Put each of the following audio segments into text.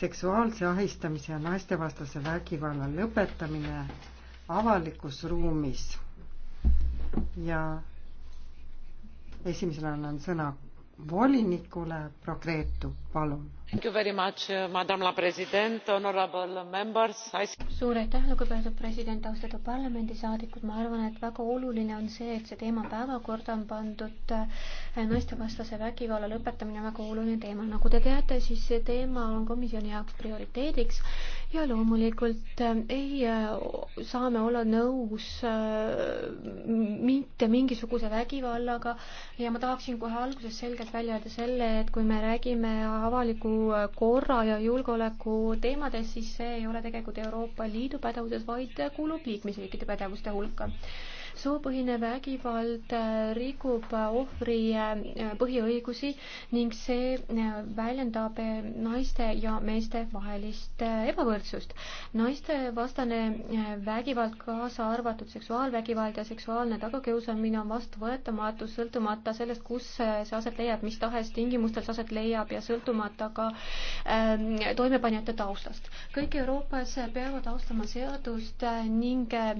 seksuaalse ahistamise ja naistevastase vägivalla lõpetamine avalikus ruumis. ja esimesena annan sõna volinikule, Progreetu, palun Uh, suur aitäh lugupeetud president austatud parlamendisaadikud ma arvan et väga oluline on see et see teema päevakorda on pandud äh, naistevastase vägivalla lõpetamine on väga oluline teema nagu te teate siis see teema on komisjoni jaoks prioriteediks ja loomulikult äh, ei äh, saa me olla nõus mitte mingisuguse vägivallaga ja ma tahaksin kohe alguses selgelt välja öelda selle et kui me räägime avaliku korra ja julgeoleku teemades, siis see ei ole tegelikult Euroopa Liidu pädevuses, vaid kuulub liikmesriikide pädevuste hulka soopõhine vägivald äh, rikub äh, ohvri äh, põhiõigusi ning see väljendab naiste ja meeste vahelist ebavõrdsust. naistevastane vägivald, kaasa arvatud seksuaalvägivald ja seksuaalne tagakiusamine on vastuvõetamatu, sõltumata sellest, kus see aset leiab, mis tahes tingimustel see aset leiab ja sõltumata ka äh, toimepanijate taustast. kõik Euroopas peavad austama seadust ning äh,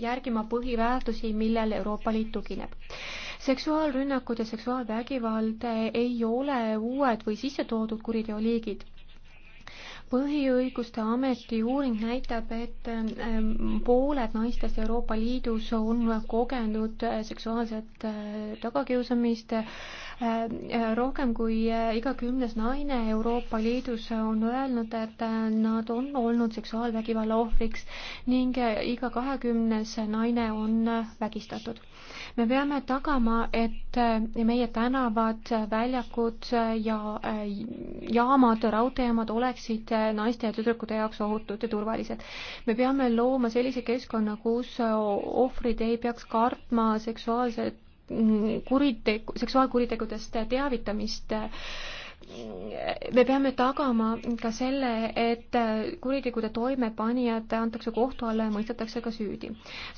järgima põhiväärtusi, väärtusi, millel Euroopa Liit tugineb. seksuaalrünnakud ja seksuaalvägivald ei ole uued või sissetoodud kuriteoliigid põhiõiguste ameti uuring näitab, et ähm, pooled naistest Euroopa Liidus on kogenud äh, seksuaalset äh, tagakiusamist. Ähm, äh, rohkem kui iga kümnes naine Euroopa Liidus on öelnud, et nad on olnud seksuaalvägivalla ohvriks ning iga kahekümnes naine on vägistatud me peame tagama, et äh, meie tänavad, äh, väljakud äh, ja jaamad, raudteejaamad oleksid naiste ja tüdrukute jaoks ohutud ja turvalised. me peame looma sellise keskkonna, kus ohvrid ei peaks kartma seksuaalset mm, kuritegu, seksuaalkuritegudest teavitamist äh, me peame tagama ka selle, et kuritegude toimepanijad antakse kohtu alla ja mõistetakse ka süüdi.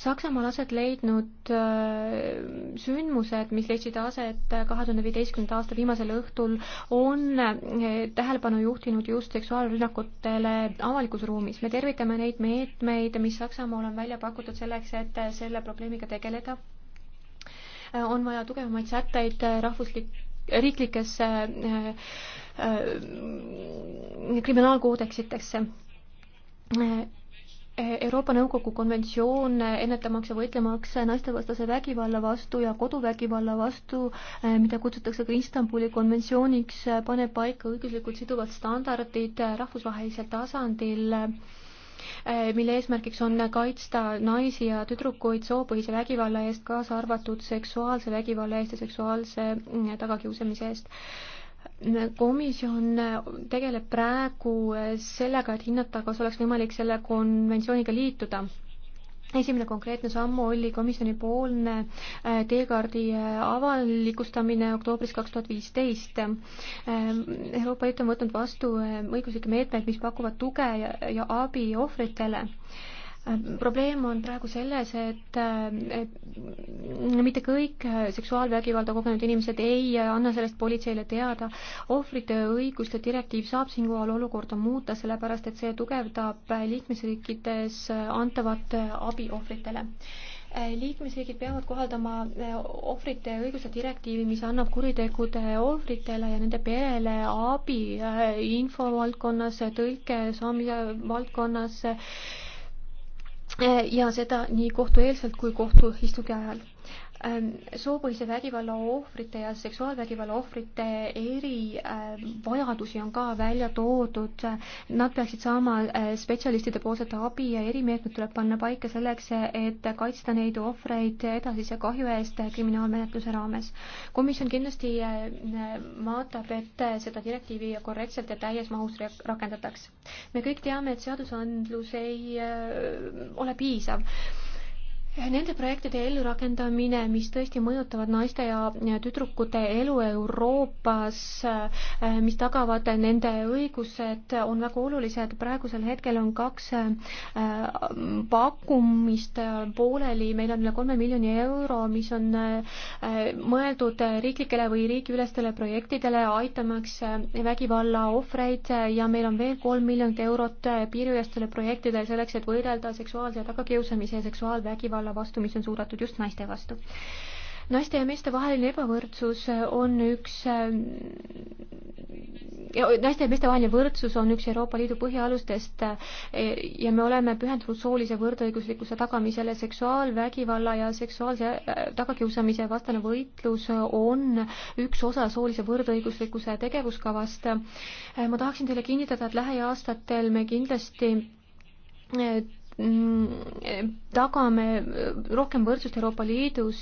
Saksamaal aset leidnud äh, sündmused, mis leidsid aset kahe tuhande viieteistkümnenda aasta viimasel õhtul, on äh, tähelepanu juhtinud just seksuaalrünnakutele avalikus ruumis. me tervitame neid meetmeid, mis Saksamaal on välja pakutud selleks, et selle probleemiga tegeleda äh, on vaja tugevamaid sätteid rahvuslik riiklikesse äh, äh, kriminaalkoodeksitesse. Euroopa Nõukogu konventsioon ennetamaks ja võitlemaks naistevastase vägivalla vastu ja koduvägivalla vastu, äh, mida kutsutakse ka Istanbuli konventsiooniks, paneb paika õiguslikult siduvad standardid rahvusvahelisel tasandil äh, Äh, mille eesmärgiks on kaitsta naisi ja tüdrukuid soopõhise vägivalla eest, kaasa arvatud seksuaalse vägivalla eest ja seksuaalse mm, tagakiusamise eest komisjon äh, tegeleb praegu äh, sellega, et hinnata, kas oleks võimalik selle konventsiooniga liituda esimene konkreetne samm oli komisjonipoolne äh, teekaardi äh, avalikustamine oktoobris kaks tuhat viisteist. Äh, Euroopa Liit on võtnud vastu õiguslikke meetmeid, mis pakuvad tuge ja, ja abi ohvritele probleem on praegu selles, et, et mitte kõik seksuaalvägivalda kogenud inimesed ei anna sellest politseile teada. ohvrite õiguste direktiiv saab siinkohal olukorda muuta, sellepärast et see tugevdab liikmesriikides antavat abi ohvritele liikmesriigid peavad kohaldama ohvrite õiguste direktiivi, mis annab kuritegude ohvritele ja nende perele abi infovaldkonnas, tõlke saamise valdkonnas ja seda nii kohtueelselt kui kohtuistungi ajal Ähm, soopõhise vägivalla ohvrite ja seksuaalvägivalla ohvrite erivajadusi ähm, on ka välja toodud. Nad peaksid saama äh, spetsialistide poolset abi ja erimeetmed tuleb panna paika selleks, et kaitsta neid ohvreid edasise kahju eest kriminaalmenetluse raames. komisjon kindlasti äh, vaatab, et seda direktiivi korrektselt ja täies mahus rakendataks. me kõik teame, et seadusandlus ei äh, ole piisav Nende projektide ellurakendamine, mis tõesti mõjutavad naiste ja tüdrukute elu Euroopas, äh, mis tagavad nende õigused, on väga olulised. praegusel hetkel on kaks äh, pakkumist äh, pooleli, meil on üle kolme miljoni euro, mis on mõeldud riiklikele või riigiülestele projektidele, aitamaks vägivalla ohvreid ja meil on veel kolm miljonit eurot piiriülestele projektidele selleks, et võidelda seksuaalse tagakiusamise ja seksuaalvägivalla vägivalla vastu, mis on suunatud just naiste vastu. naiste ja meeste vaheline ebavõrdsus on üks ja naiste ja meeste vaheline võrdsus on üks Euroopa Liidu põhialustest ja me oleme pühendunud soolise võrdõiguslikkuse tagamisele, seksuaalvägivalla ja seksuaalse äh, tagakiusamise vastane võitlus on üks osa soolise võrdõiguslikkuse tegevuskavast. ma tahaksin teile kinnitada, et lähiaastatel me kindlasti Mm, tagame rohkem võrdsust Euroopa Liidus.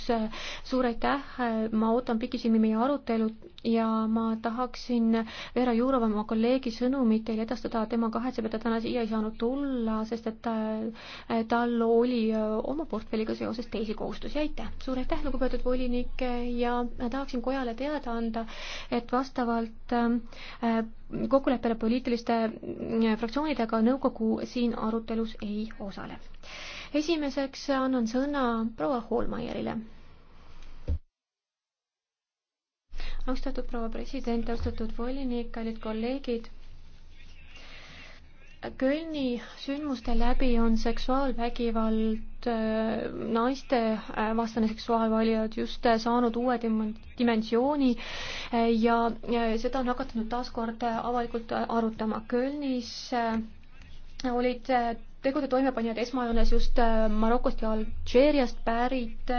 suur aitäh, ma ootan pikisilmi meie arutelu ja ma tahaksin Vera Jurova, oma kolleegi sõnumit teile edastada, tema kahetseb, et ta täna siia ei saanud tulla, sest et äh, tal oli äh, oma portfelliga seoses teisi kohustusi, aitäh. suur aitäh, lugupeetud volinik ja tahaksin kojale teada anda, et vastavalt äh, kokkuleppele poliitiliste mm, fraktsioonidega nõukogu siin arutelus ei osale. esimeseks annan sõna proua Hoolmeierile. austatud proua president, austatud volinik, kallid kolleegid Kölni sündmuste läbi on seksuaalvägivald, äh, naistevastane äh, seksuaalvalijad just äh, saanud uue dimensiooni ja seda on hakatud taas kord avalikult arutama. Kölnis olid tegude toimepanijad esmajoones just Marokost ja Alžeeriast pärit.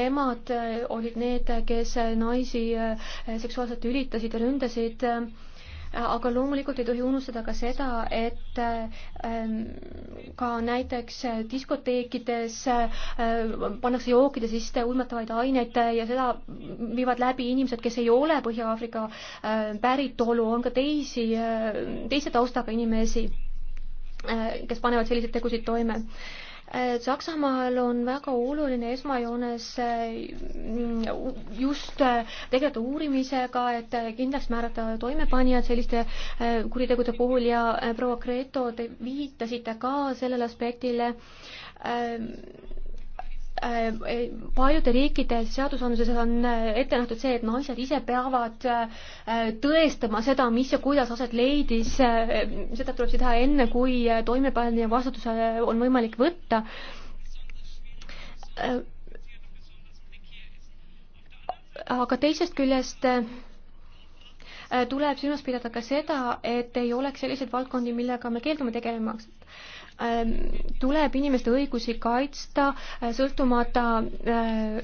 Nemad olid need, kes naisi seksuaalselt ülitasid ja ründasid aga loomulikult ei tohi unustada ka seda, et ähm, ka näiteks diskoteekides äh, pannakse jookide sisse uimatavaid aineid ja seda viivad läbi inimesed, kes ei ole Põhja-Aafrika äh, päritolu, on ka teisi, äh, teise taustaga inimesi, kes panevad selliseid tegusid toime Äh, Saksamaal on väga oluline esmajoones äh, just äh, tegeleda uurimisega, et kindlaks määrata toimepanijad selliste kuritegude puhul ja proua Greto, te viitasite ka sellele aspektile Äh, paljude riikide seadusandluses on äh, ette nähtud see, et naised ise peavad äh, tõestama seda, mis ja kuidas aset leidis, seda tuleb siis teha enne, kui toimepanija vastutuse on võimalik võtta aga teisest küljest tuleb silmas pidada ka seda, et ei oleks selliseid valdkondi, millega me keeldume tegelemaks. Ähm, tuleb inimeste õigusi kaitsta äh, sõltumata äh,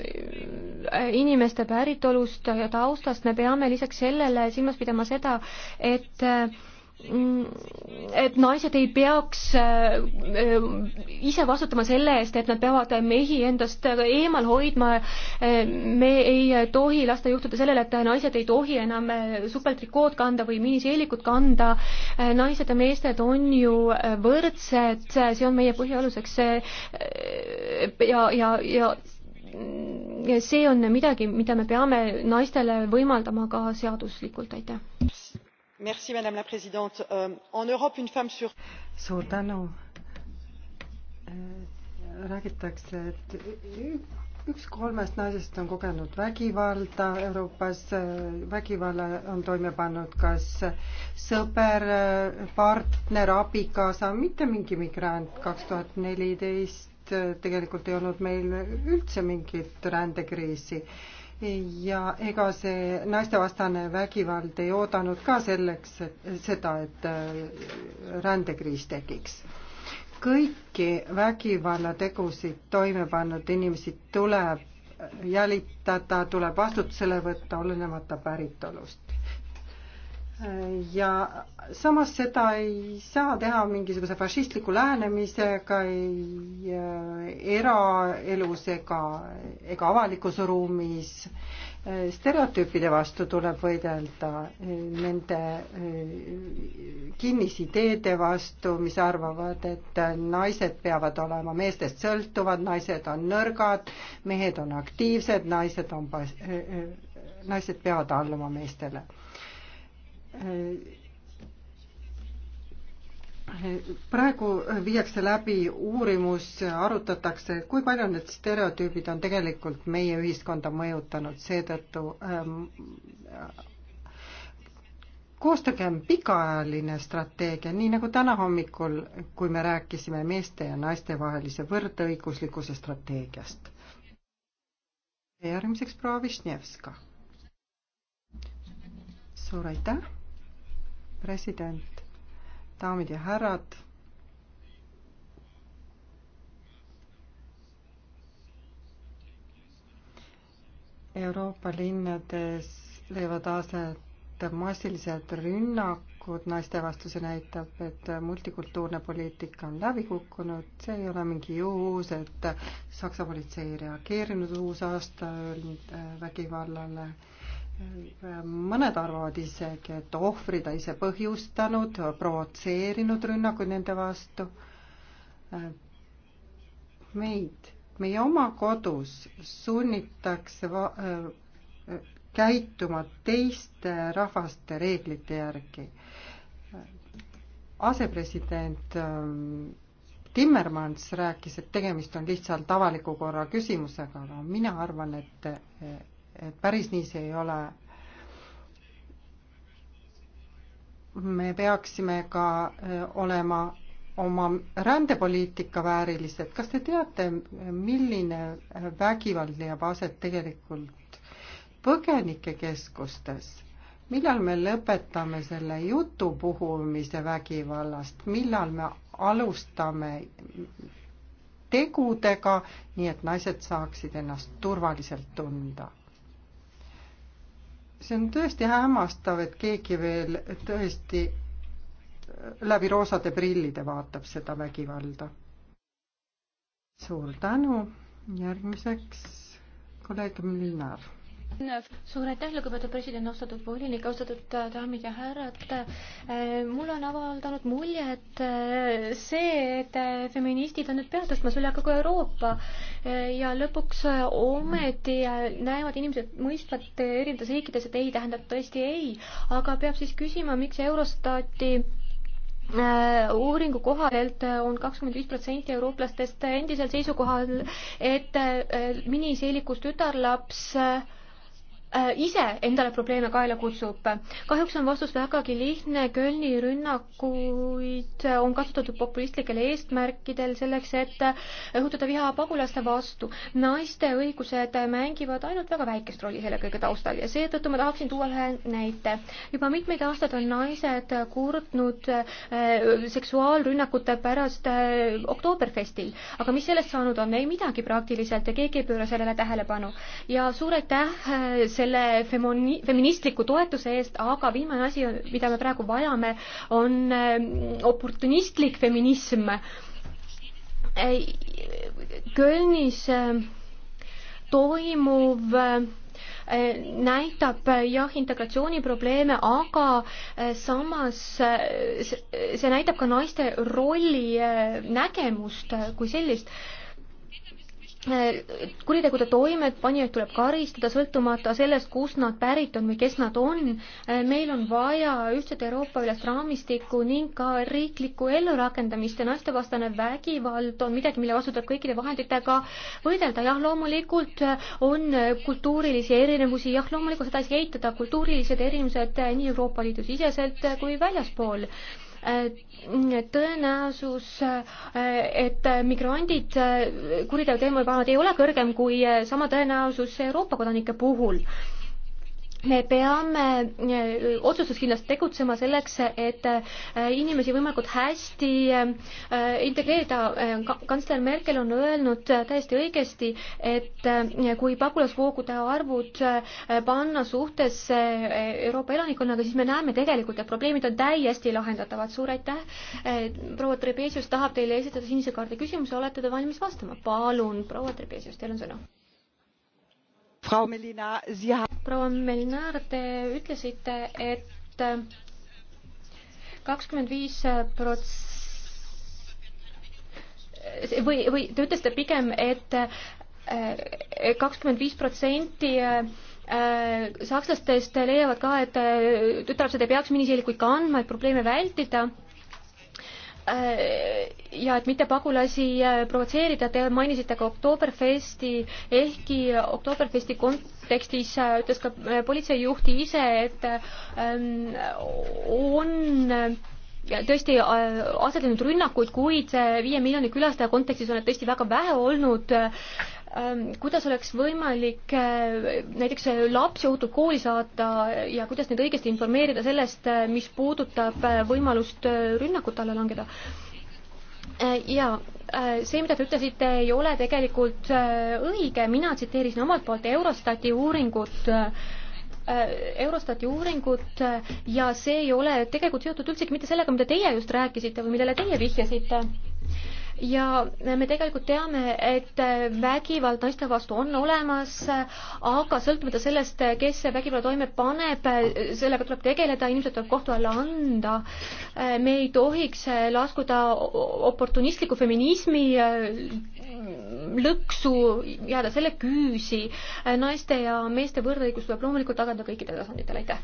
inimeste päritolust ja taustast, me peame lisaks sellele silmas pidama seda, et äh, Mm, et naised ei peaks äh, äh, ise vastutama selle eest, et nad peavad mehi endast eemal hoidma. Äh, me ei tohi lasta juhtuda sellele, et naised ei tohi enam supeltrikood kanda või miniseelikut kanda. naised ja meested on ju võrdsed, see on meie põhialuseks ja, ja, ja ja see on midagi, mida me peame naistele võimaldama ka seaduslikult, aitäh madame la présidente euh, en europe une femme sur. suur tänu äh, räägitakse et üks kolmest naisest on kogenud vägivalda euroopas vägivalla on toime pannud kas sõber partner abikaasa mitte mingi migrant kaks tuhat neliteist tegelikult ei olnud meil üldse mingit rändekriisi ja ega see naistevastane vägivald ei oodanud ka selleks, seda, et äh, rändekriis tekiks. kõiki vägivallategusid toime pannud inimesi tuleb jälitada, tuleb vastutusele võtta, olenemata päritolust ja samas seda ei saa teha mingisuguse fašistliku lähenemisega ei äh, eraelus ega, ega avalikus ruumis. Äh, stereotüüpide vastu tuleb võidelda, äh, nende kinnisideede vastu, mis arvavad, et naised peavad olema meestest sõltuvad, naised on nõrgad, mehed on aktiivsed, naised on, naised peavad alluma meestele praegu viiakse läbi uurimus, arutatakse, kui palju need stereotüübid on tegelikult meie ühiskonda mõjutanud, seetõttu ähm, koostagem pikaajaline strateegia, nii nagu täna hommikul, kui me rääkisime meeste ja naiste vahelise võrdõiguslikkuse strateegiast. järgmiseks proua Višnjevska. suur aitäh president, daamid ja härrad. Euroopa linnades leiavad aset massilised rünnakud naiste vastu, see näitab, et multikultuurne poliitika on läbi kukkunud, see ei ole mingi juhus, et Saksa politsei ei reageerinud uusaastaööl äh, vägivallale äh, mõned arvavad isegi, et ohvri ta ise põhjustanud, provotseerinud rünnakuid nende vastu. meid, meie oma kodus sunnitakse va-, käituma teiste rahvaste reeglite järgi. asepresident ähm, Timmermans rääkis, et tegemist on lihtsalt avaliku korra küsimusega, aga mina arvan, et et päris nii see ei ole. me peaksime ka e, olema oma rändepoliitika väärilised, kas te teate, milline vägivald leiab aset tegelikult põgenikekeskustes? millal me lõpetame selle jutu puhumise vägivallast, millal me alustame tegudega, nii et naised saaksid ennast turvaliselt tunda? see on tõesti hämmastav, et keegi veel tõesti läbi roosade prillide vaatab seda vägivalda. suur tänu, järgmiseks kolleeg Milnar suur aitäh, lugupeetud president, austatud volinik, austatud äh, daamid ja härrad. Äh, mulle on avaldanud mulje, et äh, see, et feministid on nüüd pead tõstmas üle kogu Euroopa ja lõpuks ometi näevad inimesed mõistvat erinevates riikides, et ei tähendab tõesti ei, aga peab siis küsima, miks Eurostati uuringu kohaselt on kakskümmend viis protsenti eurooplastest endiselt seisukohal, et miniseelikus tütarlaps äh, Äh, ise endale probleeme kaela kutsub. kahjuks on vastus vägagi lihtne, Kölni rünnakuid on kasutatud populistlikel eesmärkidel selleks, et õhutada viha pagulaste vastu. naiste õigused mängivad ainult väga väikest rolli selle kõige taustal ja seetõttu ma tahaksin tuua ühe näite. juba mitmeid aastaid on naised kurtnud äh, seksuaalrünnakute pärast äh, Oktoberfestil, aga mis sellest saanud on, ei midagi praktiliselt ja keegi ei pööra sellele tähelepanu. ja suur aitäh selle femoni-, feministliku toetuse eest, aga viimane asi, mida me praegu vajame, on ähm, oportunistlik feminism. Kölnis ähm, toimuv äh, näitab äh, jah, integratsiooni probleeme, aga äh, samas see näitab ka naiste rolli nägemust kui sellist kuritegude toimepanijaid tuleb karistada sõltumata sellest, kust nad pärit on või kes nad on. meil on vaja ühtset Euroopa-ülest raamistikku ning ka riiklikku ellurakendamist ja naistevastane vägivald on midagi, mille vastu tuleb kõikide vahenditega võidelda. jah, loomulikult on kultuurilisi erinevusi, jah, loomulikult seda ei saa eitada, kultuurilised erinevused nii Euroopa Liidu siseselt kui väljaspool Äh, tõenäosus, äh, et migrandid äh, kuriteo teemal panevad, ei ole kõrgem kui sama tõenäosus Euroopa kodanike puhul me peame äh, otsustuskindlasti tegutsema selleks, et äh, inimesi võimalikult hästi äh, integreerida. kantsler Merkel on öelnud täiesti õigesti, et kui pagulasvoogude arvud panna suhtesse Euroopa elanikkonnaga, siis me näeme tegelikult, et probleemid on täiesti lahendatavad. suur aitäh, proua Trebesius tahab teile esitada sinise kaardi küsimuse, olete te valmis vastama? palun, proua Trebesius, teil on sõna proua Melinar, te ütlesite, et kakskümmend viis prots- või, või te ütlesite pigem, et äh, kakskümmend viis protsenti äh, sakslastest leiavad ka, et äh, tütarlapsed ei peaks miniseelikuid kandma, et probleeme vältida Äh, ja et mitte pagulasi äh, provotseerida, te mainisite ka Oktoberfesti, ehkki Oktoberfesti kontekstis äh, ütles ka politseijuht ise, et ähm, on tõesti aset leidnud rünnakuid, kuid viie miljoni külastaja kontekstis on need tõesti väga vähe olnud Ähm, kuidas oleks võimalik äh, näiteks äh, lapsi ohutult kooli saata ja kuidas neid õigesti informeerida sellest, äh, mis puudutab võimalust rünnakute alla langeda? jaa, see, mida te ütlesite, ei ole tegelikult õige, mina tsiteerisin omalt poolt Eurostati uuringut, Eurostati uuringut ja see ei ole tegelikult seotud üldsegi mitte sellega, mida teie just rääkisite või millele teie vihjasite ja me tegelikult teame, et vägivald naiste vastu on olemas, aga sõltumata sellest, kes see vägivalla toime paneb, sellega tuleb tegeleda, inimesed tuleb kohtu alla anda. me ei tohiks laskuda oportunistliku feminismi lõksu, jääda selle küüsi. naiste ja meeste võrdõigus tuleb loomulikult tagada kõikidel tasanditel, aitäh.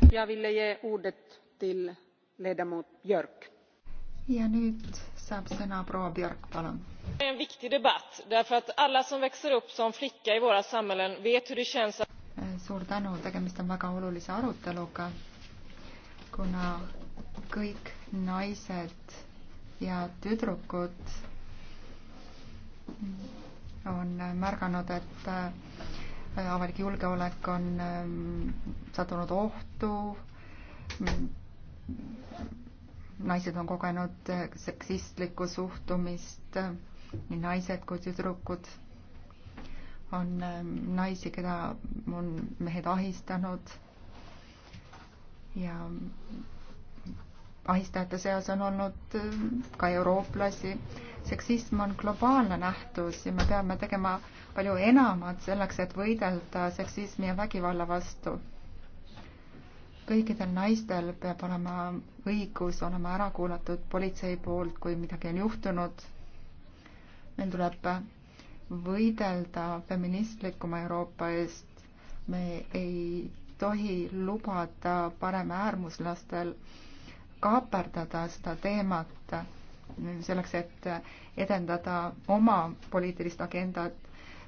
ja nüüd saab sõna proua Björk, palun. see on viktig debatt, sellepärast et alla, kes väikse upp som flicka i våra samhällen, vet hur det känns. Eh, suur tänu, tegemist on väga olulise aruteluga, kuna kõik naised ja tüdrukud on märganud, et eh, avalik julgeolek on eh, sattunud ohtu naised on kogenud seksistlikku suhtumist, nii naised kui tüdrukud. on ähm, naisi, keda on mehed ahistanud ja ahistajate seas on olnud ähm, ka eurooplasi. seksism on globaalne nähtus ja me peame tegema palju enamat selleks, et võidelda seksismi ja vägivalla vastu. kõikidel naistel peab olema õigus olema ära kuulatud politsei poolt, kui midagi on juhtunud. meil tuleb võidelda feministlikuma Euroopa eest. me ei tohi lubada paremäärmuslastel kaaperdada seda teemat selleks, et edendada oma poliitilist agendat.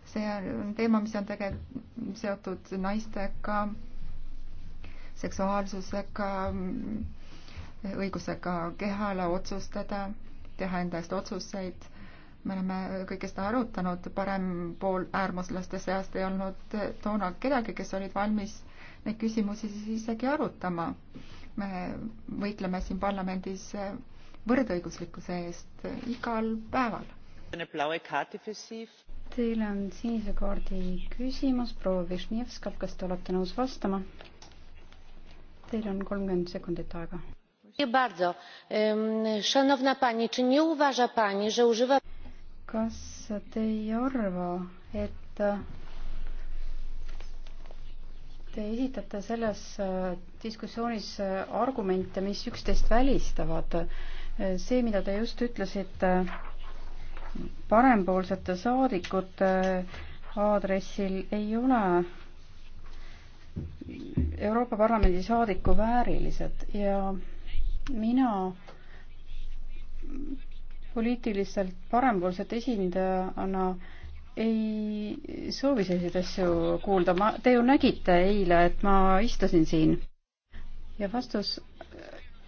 see on teema, mis on tegelikult seotud naistega, seksuaalsusega, õigusega kehale otsustada, teha enda eest otsuseid. me oleme kõike seda arutanud, parem pool äärmuslaste seast ei olnud toona kedagi, kes olid valmis neid küsimusi siis isegi arutama. me võitleme siin parlamendis võrdõiguslikkuse eest igal päeval. Teil on sinise kaardi küsimus, proua Višnjevskav, kas te olete nõus vastama? Teil on kolmkümmend sekundit aega kas te ei arva, et te esitate selles äh, diskussioonis äh, argumente, mis üksteist välistavad? Äh, see, mida te just ütlesite parempoolsete saadikute aadressil, ei ole Euroopa Parlamendi saadiku väärilised ja mina poliitiliselt parempoolset esindajana ei soovi selliseid asju kuulda, ma, te ju nägite eile, et ma istusin siin. ja vastus,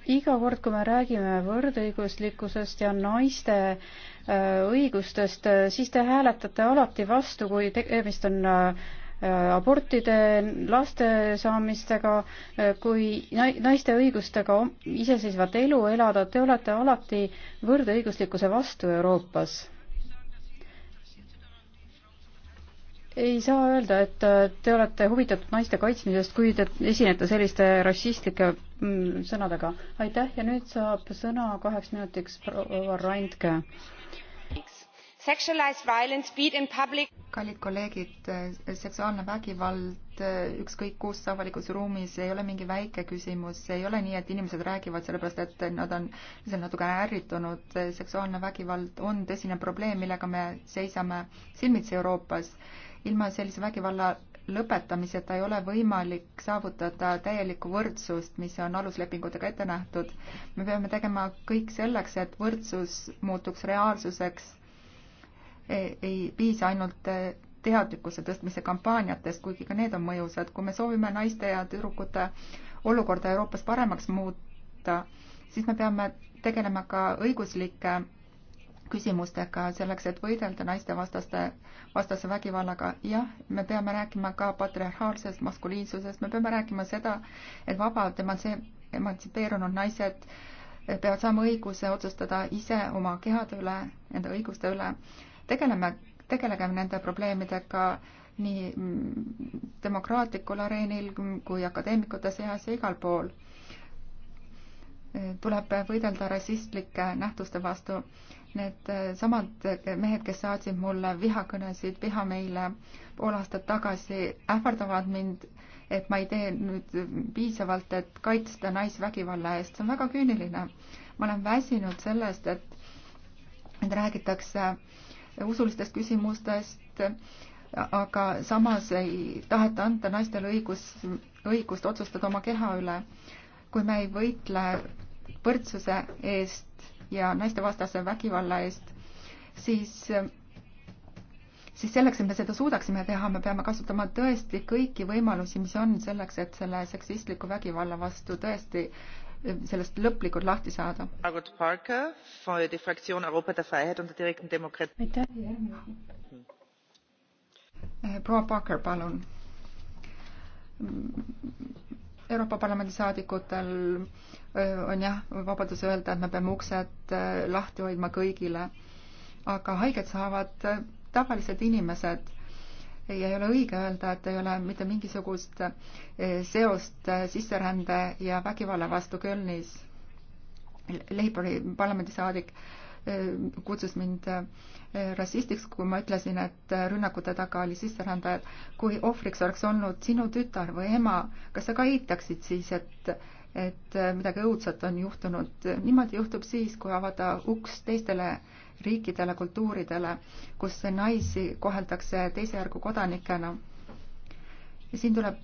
iga kord, kui me räägime võrdõiguslikkusest ja naiste äh, õigustest, äh, siis te hääletate alati vastu, kui tegemist on äh, Äh, abortide, laste saamistega äh, kui naiste õigustega iseseisvat elu elada, te olete alati võrdõiguslikkuse vastu Euroopas ei saa öelda, et äh, te olete huvitatud naiste kaitsmisest, kui te esinete selliste rassistlike mm, sõnadega. aitäh ja nüüd saab sõna kaheks minutiks proua Randke kallid kolleegid, eh, seksuaalne vägivald eh, ükskõik kus avalikus ruumis ei ole mingi väike küsimus, ei ole nii, et inimesed räägivad sellepärast, et nad on seal natuke ärritunud. Eh, seksuaalne vägivald on tõsine probleem, millega me seisame silmitsi Euroopas. ilma sellise vägivalla lõpetamiseta ei ole võimalik saavutada täielikku võrdsust, mis on aluslepingutega ette nähtud. me peame tegema kõik selleks, et võrdsus muutuks reaalsuseks ei piisa ainult eh, teadlikkuse tõstmise kampaaniatest, kuigi ka need on mõjusad. kui me soovime naiste ja tüdrukute olukorda Euroopas paremaks muuta, siis me peame tegelema ka õiguslike küsimustega selleks, et võidelda naistevastaste, vastase vägivallaga. jah, me peame rääkima ka patriarhaalsest maskuliinsusest, me peame rääkima seda, et vabad emantsipeerunud naised peavad saama õiguse otsustada ise oma kehade üle, enda õiguste üle tegeleme, tegelegem nende probleemidega nii demokraatlikul areenil kui akadeemikute seas ja igal pool. tuleb võidelda rassistlike nähtuste vastu. Need samad mehed, kes saatsid mulle vihakõnesid, vihameile pool aastat tagasi, ähvardavad mind, et ma ei tee nüüd piisavalt, et kaitsta naisvägivalla eest. see on väga küüniline. ma olen väsinud sellest, et, et räägitakse äh, usulistest küsimustest, aga samas ei taheta anda naistele õigus, õigust otsustada oma keha üle. kui me ei võitle võrdsuse eest ja naistevastase vägivalla eest, siis, siis selleks, et me seda suudaksime teha, me peame kasutama tõesti kõiki võimalusi, mis on selleks, et selle seksistliku vägivalla vastu tõesti sellest lõplikult lahti saada. aitäh. Äh, proua Parker, palun. Euroopa Parlamendi saadikutel äh, on jah, vabadus öelda, et me peame uksed äh, lahti hoidma kõigile, aga haiget saavad tavalised inimesed ja ei ole õige öelda, et ei ole mitte mingisugust eh, seost eh, sisserände ja vägivalla vastu Kölnis. Leiburi parlamendisaadik eh, kutsus mind rassistiks, kui ma ütlesin, et rünnakute taga oli sisserändajad. kui ohvriks oleks olnud sinu tütar või ema, kas sa ka eitaksid siis, et, et midagi õudset on juhtunud? niimoodi juhtub siis, kui avada uks teistele riikidele, kultuuridele, kus naisi koheldakse teise järgu kodanikena. ja siin tuleb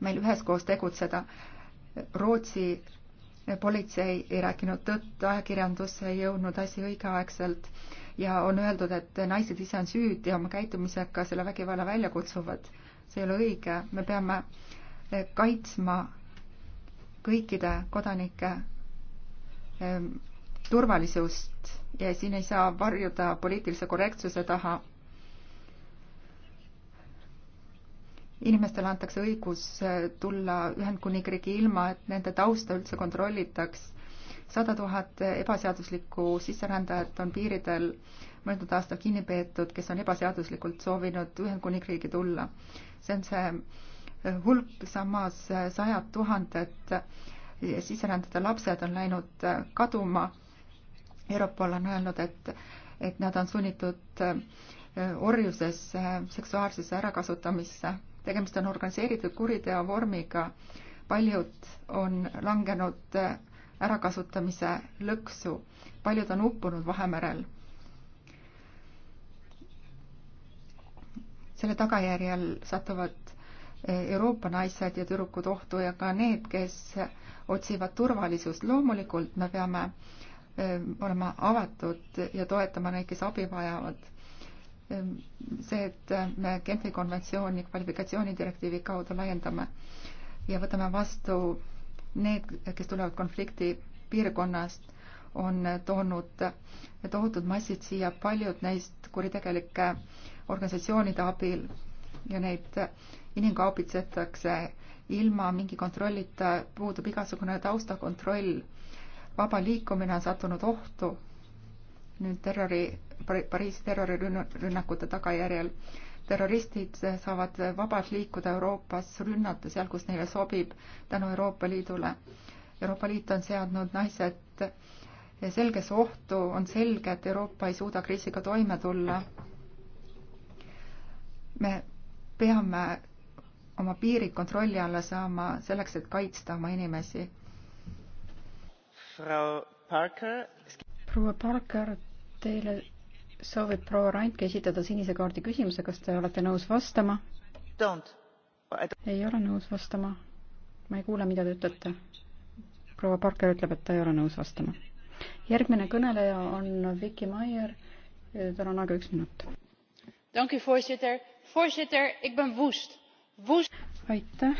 meil üheskoos tegutseda. Rootsi politsei ei rääkinud tõtt, ajakirjandusse ei jõudnud asi õigeaegselt ja on öeldud, et naised ise on süüdi oma käitumisega selle vägivalla välja kutsuvad. see ei ole õige, me peame eh, kaitsma kõikide kodanike eh, turvalisust ja siin ei saa varjuda poliitilise korrektsuse taha. inimestele antakse õigus äh, tulla Ühendkuningriigi ilma, et nende tausta üldse kontrollitaks. sada tuhat ebaseaduslikku sisserändajat on piiridel mõeldud aastal kinni peetud, kes on ebaseaduslikult soovinud Ühendkuningriigi tulla. see on see äh, hulk, samas äh, sajad tuhanded sisserändajate lapsed on läinud kaduma Europol on öelnud, et, et nad on sunnitud äh, orjusesse, seksuaalsesse ärakasutamisse. tegemist on organiseeritud kuriteo vormiga. paljud on langenud äh, ärakasutamise lõksu, paljud on uppunud Vahemerel. selle tagajärjel satuvad äh, Euroopa naised ja tüdrukud ohtu ja ka need, kes otsivad turvalisust. loomulikult me peame äh, Ehm, olema avatud ja toetama neid, kes abi vajavad. Ehm, see, et me Genfi konventsiooni kvalifikatsioonidirektiivi kaudu laiendame ja võtame vastu need, kes tulevad konflikti piirkonnast, on toonud tohutud massid siia, paljud neist kuritegelike organisatsioonide abil ja neid inimkaubitsetakse ilma mingi kontrollita, puudub igasugune taustakontroll vaba liikumine on sattunud ohtu nüüd terrori, Pariisi terrorirünnakute tagajärjel. terroristid saavad vabalt liikuda Euroopas, rünnata seal, kus neile sobib, tänu Euroopa Liidule. Euroopa Liit on seadnud naised selgesse ohtu, on selge, et Euroopa ei suuda kriisiga toime tulla. me peame oma piirid kontrolli alla saama selleks, et kaitsta oma inimesi proua Parker, teile soovib proua Randke esitada sinise kaardi küsimuse, kas te olete nõus vastama? ei ole nõus vastama. ma ei kuule, mida te ütlete. proua Parker ütleb, et ta ei ole nõus vastama. järgmine kõneleja on Vicky Maier. tal on aega üks minut. aitäh,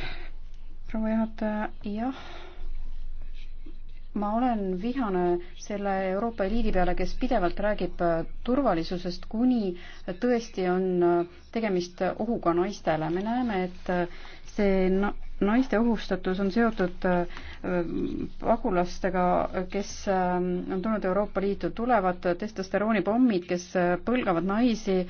proua juhataja. jah ma olen vihane selle Euroopa eliidi peale, kes pidevalt räägib äh, turvalisusest, kuni tõesti on äh, tegemist ohuga naistele. me näeme, et äh, see naiste ohustatus on seotud pagulastega, kes on tulnud Euroopa Liitu, tulevad testosteroonipommid, kes põlgavad naisi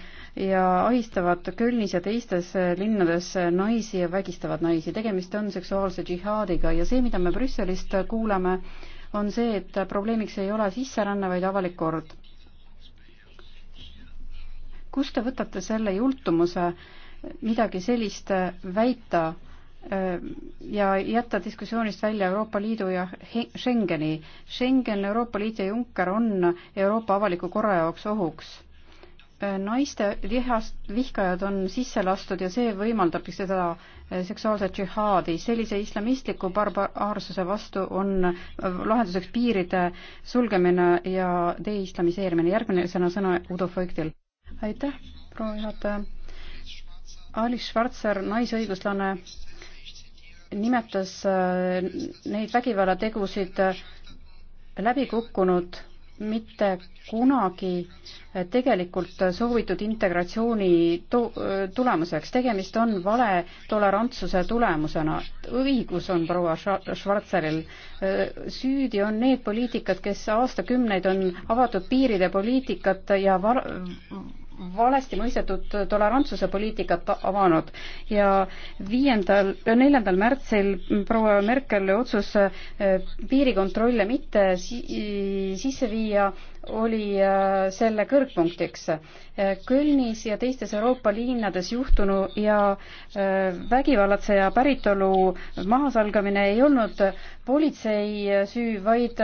ja ahistavad Kölnis ja teistes linnades naisi ja vägistavad naisi. tegemist on seksuaalse džihaadiga ja see, mida me Brüsselist kuuleme, on see, et probleemiks ei ole sisseränne, vaid avalik kord. kust te võtate selle jultumuse midagi sellist väita äh, ja jätta diskussioonist välja Euroopa Liidu ja Schengeni. Schengen, Euroopa Liit ja Juncker on Euroopa avaliku korra jaoks ohuks naiste lihast, vihkajad on sisse lastud ja see võimaldab seda eh, seksuaalset džihaadi. sellise islamistliku barbaarsuse vastu on eh, lahenduseks piiride sulgemine ja deislamiseerimine. järgmisena sõna Udo Foigtil. aitäh, proua juhataja. Alice Schwarzer, naisõiguslane, nimetas eh, neid vägivallategusid läbikukkunud mitte kunagi tegelikult soovitud integratsiooni to tulemuseks. tegemist on vale tolerantsuse tulemusena. õigus on proua Schwarzeril. süüdi on need poliitikad, kes aastakümneid on avatud piiride poliitikat ja var valesti mõistetud tolerantsuse poliitikat avanud ja viiendal, neljandal märtsil proua Merkeli otsus eh, piirikontrolle mitte si sisse viia oli äh, selle kõrgpunktiks. Äh, Kölnis ja teistes Euroopa linnades juhtunu ja äh, vägivallatseja päritolu mahasalgamine ei olnud politsei süü, vaid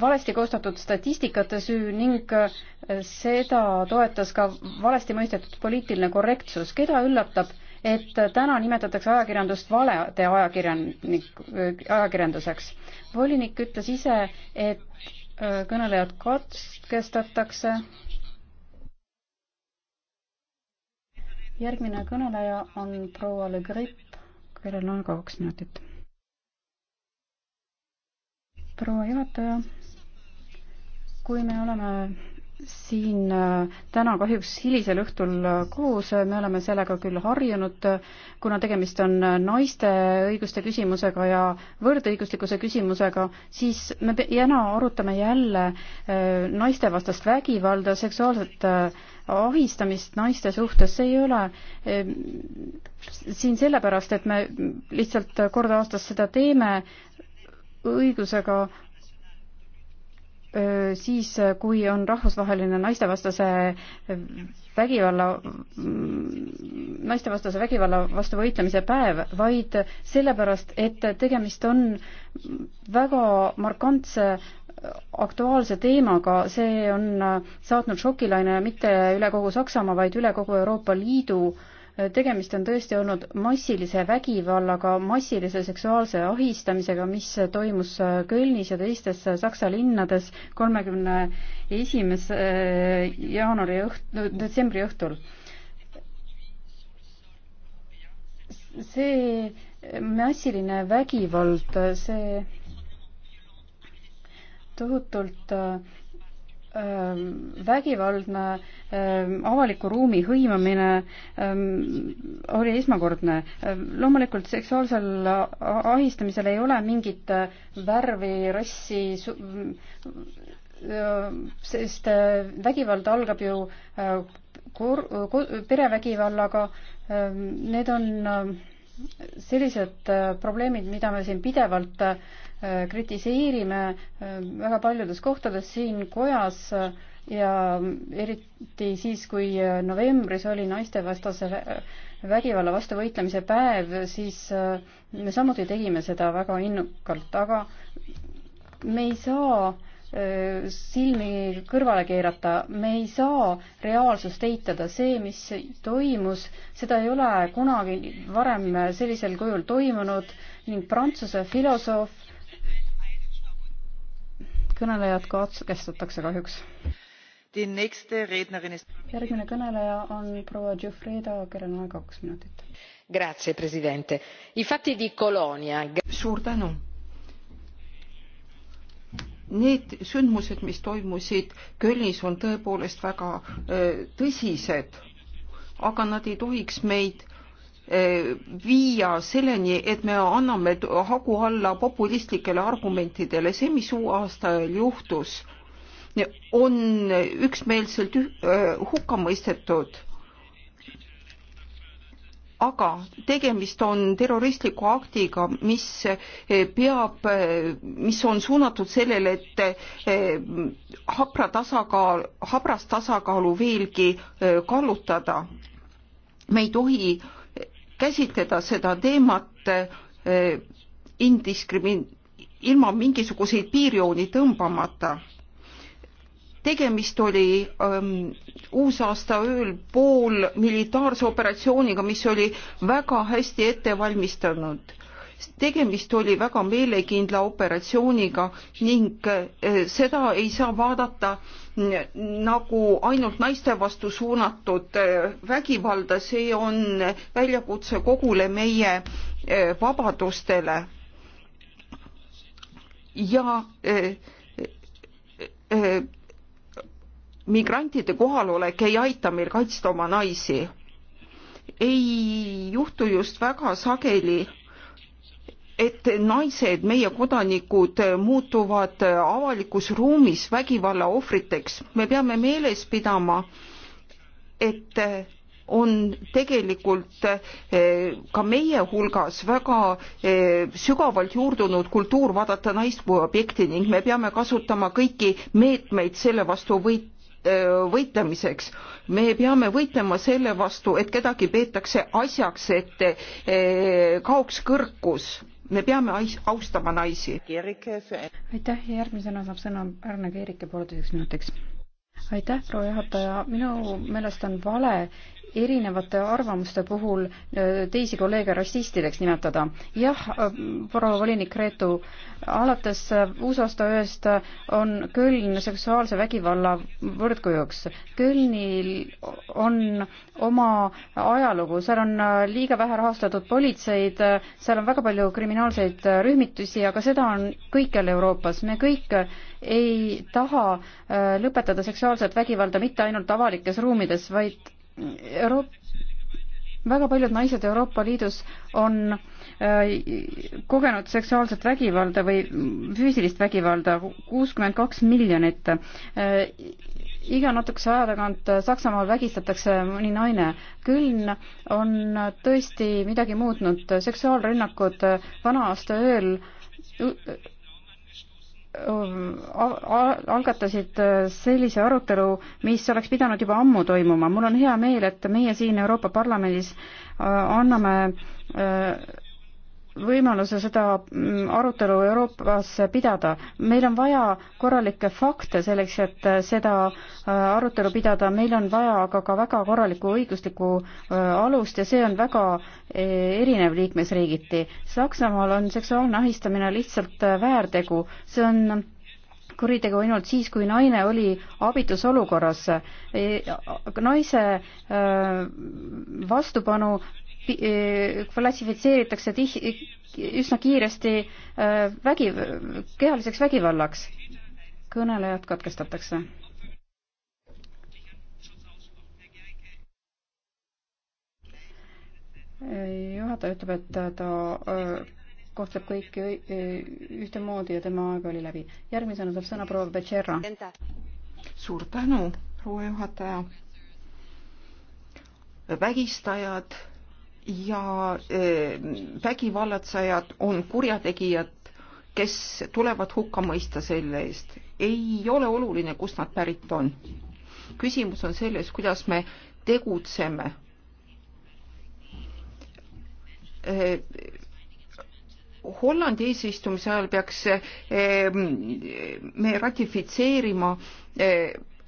valesti koostatud statistikate süü ning seda toetas ka valesti mõistetud poliitiline korrektsus. keda üllatab, et täna nimetatakse ajakirjandust valede ajakirjan-, ajakirjanduseks? volinik ütles ise, et kõnelejad katkestatakse. järgmine kõneleja on proua Le Grip, kellel on ka kaks minutit. proua juhataja, kui me oleme siin äh, täna kahjuks hilisel õhtul äh, koos, äh, me oleme sellega küll harjunud, kuna tegemist on naiste õiguste küsimusega ja võrdõiguslikkuse küsimusega, siis me täna arutame jälle naistevastast vägivalda, seksuaalset ahistamist naiste suhtes, see ei ole ähm, siin sellepärast, et me lihtsalt kord aastas seda teeme, õigusega siis, äh, kui on rahvusvaheline naistevastase äh, vägivalla, mm, naistevastase vägivalla vastu võitlemise päev, vaid sellepärast, et tegemist on väga markantse äh, aktuaalse teemaga, see on saatnud šokilaine mitte üle kogu Saksamaa, vaid üle kogu Euroopa Liidu äh, tegemist on tõesti olnud massilise vägivallaga, massilise seksuaalse ahistamisega, mis toimus Kölnis ja teistes Saksa linnades kolmekümne esimese eh, jaanuari õht-, detsembri õhtul. see massiline vägivald, see tohutult vägivaldne avaliku ruumi hõimamine oli esmakordne. loomulikult seksuaalsel ahistamisel ei ole mingit värvi, rassi, sest vägivald algab ju kor-, perevägivallaga, need on sellised äh, probleemid, mida me siin pidevalt äh, kritiseerime äh, väga paljudes kohtades siin kojas ja eriti siis, kui novembris oli naistevastase vägivalla vastu võitlemise päev, siis me samuti tegime seda väga innukalt, aga me ei saa äh, Äh, silmi kõrvale keerata, me ei saa reaalsust eitada, see, mis toimus, seda ei ole kunagi varem sellisel kujul toimunud ning Prantsuse filosoof, kõnelejad katkestatakse kahjuks. järgmine kõneleja on proua Giuffreda, kellel on aega kaks minutit. suur tänu need sündmused, mis toimusid Kölnis, on tõepoolest väga äh, tõsised, aga nad ei tohiks meid äh, viia selleni, et me anname hagu alla populistlikele argumentidele. see, mis uue aasta ajal juhtus, on üksmeelselt äh, hukka mõistetud aga tegemist on terroristliku aktiga, mis eh, peab, eh, mis on suunatud sellele, et eh, habra tasakaal, habras tasakaalu veelgi kallutada. me ei tohi käsitleda seda teemat indiskrimin-, ilma mingisuguseid piirjooni tõmbamata tegemist oli ähm, uusaasta ööl pool militaarse operatsiooniga, mis oli väga hästi ette valmistanud. tegemist oli väga meelekindla operatsiooniga ning äh, seda ei saa vaadata nagu ainult naiste vastu suunatud äh, vägivalda, see on väljakutse kogule meie äh, vabadustele. ja äh, äh, migrantide kohalolek ei aita meil kaitsta oma naisi. ei juhtu just väga sageli, et naised, meie kodanikud muutuvad avalikus ruumis vägivalla ohvriteks. me peame meeles pidama, et on tegelikult eh, ka meie hulgas väga eh, sügavalt juurdunud kultuur vaadata naist kui objekti ning me peame kasutama kõiki meetmeid selle vastu võit-, võitlemiseks. me peame võitlema selle vastu, et kedagi peetakse asjaks, et kaoks kõrkus. me peame austama naisi. aitäh ja järgmisena saab sõna Arne Keerike pooleteiseks minutiks aitäh, proua juhataja, minu meelest on vale erinevate arvamuste puhul äh, teisi kolleege rassistideks nimetada. jah, äh, proua volinik Reetu, alates äh, uusaasta ööst on Köln seksuaalse vägivalla võrdkujuks. Kölnil on oma ajalugu, seal on liiga vähe rahastatud politseid, seal on väga palju kriminaalseid rühmitusi, aga seda on kõikjal Euroopas, me kõik ei taha äh, lõpetada seksuaalset vägivalda mitte ainult avalikes ruumides, vaid Euroop-, väga paljud naised Euroopa Liidus on äh, kogenud seksuaalset vägivalda või füüsilist vägivalda, kuuskümmend kaks miljonit. Äh, iga natukese aja tagant Saksamaal vägistatakse mõni naine. külm on tõesti midagi muutnud, seksuaalrünnakud vana-aasta ööl Um, algatasid äh, sellise arutelu, mis oleks pidanud juba ammu toimuma. mul on hea meel, et meie siin Euroopa Parlamendis äh, anname äh, võimaluse seda mm, arutelu Euroopas pidada. meil on vaja korralikke fakte selleks, et äh, seda äh, arutelu pidada, meil on vaja aga ka väga korralikku õiguslikku äh, alust ja see on väga e, erinev liikmesriigiti. Saksamaal on seksuaalne ahistamine lihtsalt väärtegu, see on kuritegu ainult siis, kui naine oli abitus olukorras. E, naise vastupanu Äh, klassifitseeritakse tih-, üsna kiiresti äh, vägi, kehaliseks vägivallaks. kõnelejad katkestatakse. juhataja ütleb, et ta äh, kohtleb kõiki ühtemoodi ja tema aeg oli läbi. järgmisena saab sõna proua Becerra. suur tänu, proua juhataja. vägistajad ja eh, vägivallatsejad on kurjategijad, kes tulevad hukka mõista selle eest. ei ole oluline, kust nad pärit on. küsimus on selles, kuidas me tegutseme eh, Hollandi eesistumise ajal peaks eh, me ratifitseerima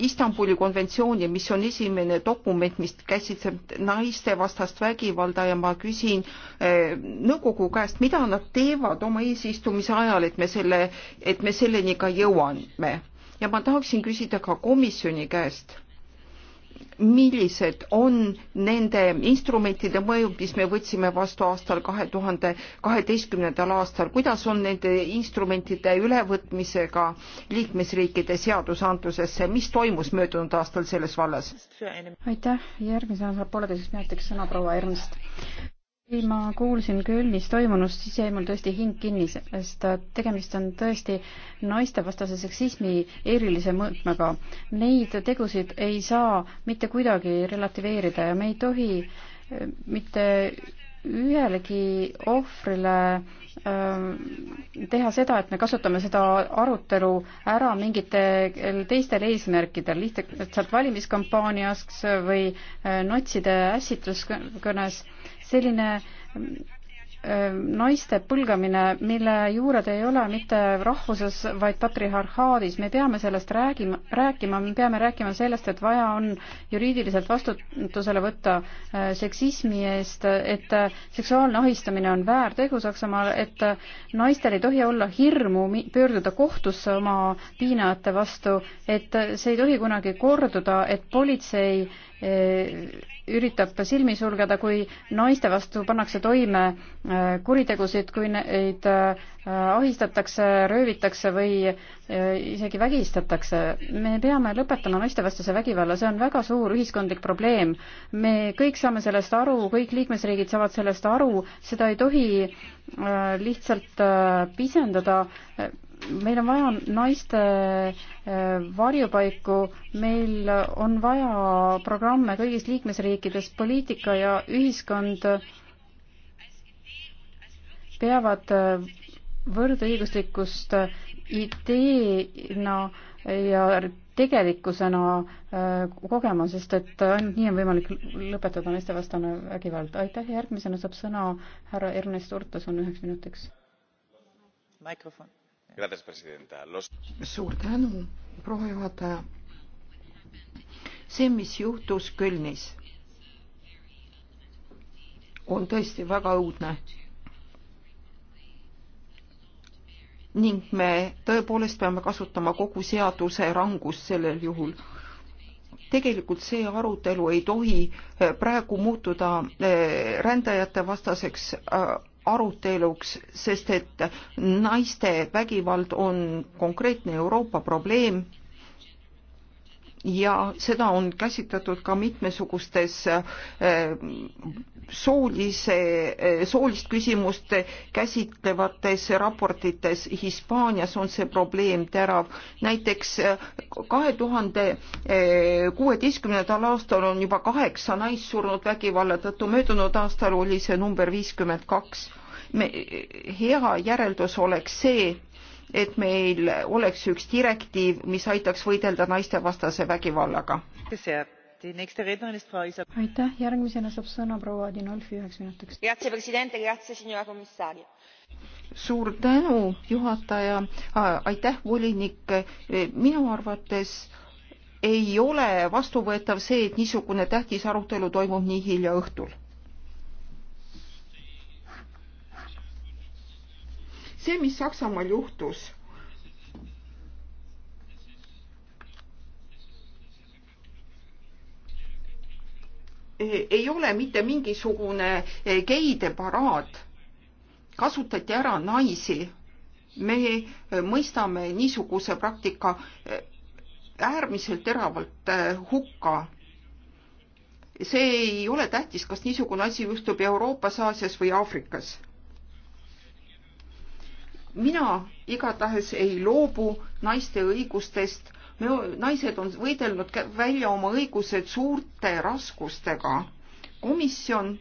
Istanbuli konventsiooni, mis on esimene dokument, mis käsitleb naistevastast vägivalda ja ma küsin eh, nõukogu käest, mida nad teevad oma eesistumise ajal, et me selle, et me selleni ka jõuame. ja ma tahaksin küsida ka komisjoni käest millised on nende instrumentide mõjud, mis me võtsime vastu aastal kahe tuhande kaheteistkümnendal aastal, kuidas on nende instrumentide ülevõtmisega liikmesriikide seadusandlusesse, mis toimus möödunud aastal selles vallas? aitäh, järgmisena saab pooleteiseks minutiks sõna proua Ernst kui ma kuulsin Kölnis toimunust, siis jäi mul tõesti hing kinni, sest äh, tegemist on tõesti naistevastase seksismi erilise mõõtmega. Neid tegusid ei saa mitte kuidagi relativeerida ja me ei tohi äh, mitte ühelegi ohvrile äh, teha seda, et me kasutame seda arutelu ära mingitel teistel eesmärkidel, lihtsalt valimiskampaaniaks või notside ässituskõnes selline ähm, naiste põlgamine, mille juured ei ole mitte rahvuses, vaid patriarhaadis, me peame sellest räägima, rääkima, me peame rääkima sellest, et vaja on juriidiliselt vastutusele võtta äh, seksismi eest, et äh, seksuaalne ahistamine on väärtegu Saksamaal, et äh, naistel ei tohi olla hirmu pöörduda kohtusse oma piinajate vastu, et see ei tohi kunagi korduda, et politsei Äh, üritab silmi sulgeda, kui naiste vastu pannakse toime äh, kuritegusid, kui neid äh, ahistatakse, röövitakse või isegi vägistatakse. me peame lõpetama naistevastase vägivalla, see on väga suur ühiskondlik probleem. me kõik saame sellest aru, kõik liikmesriigid saavad sellest aru, seda ei tohi lihtsalt pisendada meil on vaja naiste äh, varjupaiku, meil on vaja programme kõigis liikmesriikides, poliitika ja ühiskond peavad äh, võrdõiguslikkust äh, ideena ja tegelikkusena kogema, sest et ainult nii on võimalik lõpetada naistevastane vägivald. aitäh, järgmisena saab sõna härra Ernest Urtasun üheks minutiks. mikrofon suur tänu, proua juhataja. see, mis juhtus Kölnis, on tõesti väga õudne. ning me tõepoolest peame kasutama kogu seaduse rangust sellel juhul tegelikult see arutelu ei tohi eh, praegu muutuda eh, rändajate vastaseks äh, aruteluks, sest et naiste vägivald on konkreetne Euroopa probleem ja seda on käsitletud ka mitmesugustes äh, soolise, äh, soolist küsimust käsitlevates raportites. Hispaanias on see probleem terav. näiteks äh, kahe tuhande kuueteistkümnendal aastal on juba kaheksa naist surnud vägivalla tõttu, möödunud aastal oli see number viiskümmend kaks. me, hea järeldus oleks see, et meil oleks üks direktiiv, mis aitaks võidelda naistevastase vägivallaga. aitäh, järgmisena saab sõna proua Adinolfi üheks minutiks. suur tänu, juhataja, aitäh, volinik, e, minu arvates ei ole vastuvõetav see, et niisugune tähtis arutelu toimub nii hilja õhtul see, mis Saksamaal juhtus eh, ei ole mitte mingisugune eh, geide paraad. kasutati ära naisi. me eh, mõistame niisuguse praktika äärmiselt teravalt hukka. see ei ole tähtis, kas niisugune asi juhtub Euroopas, Aasias või Aafrikas mina igatahes ei loobu naiste õigustest. naised on võidelnud välja oma õigused suurte raskustega. komisjon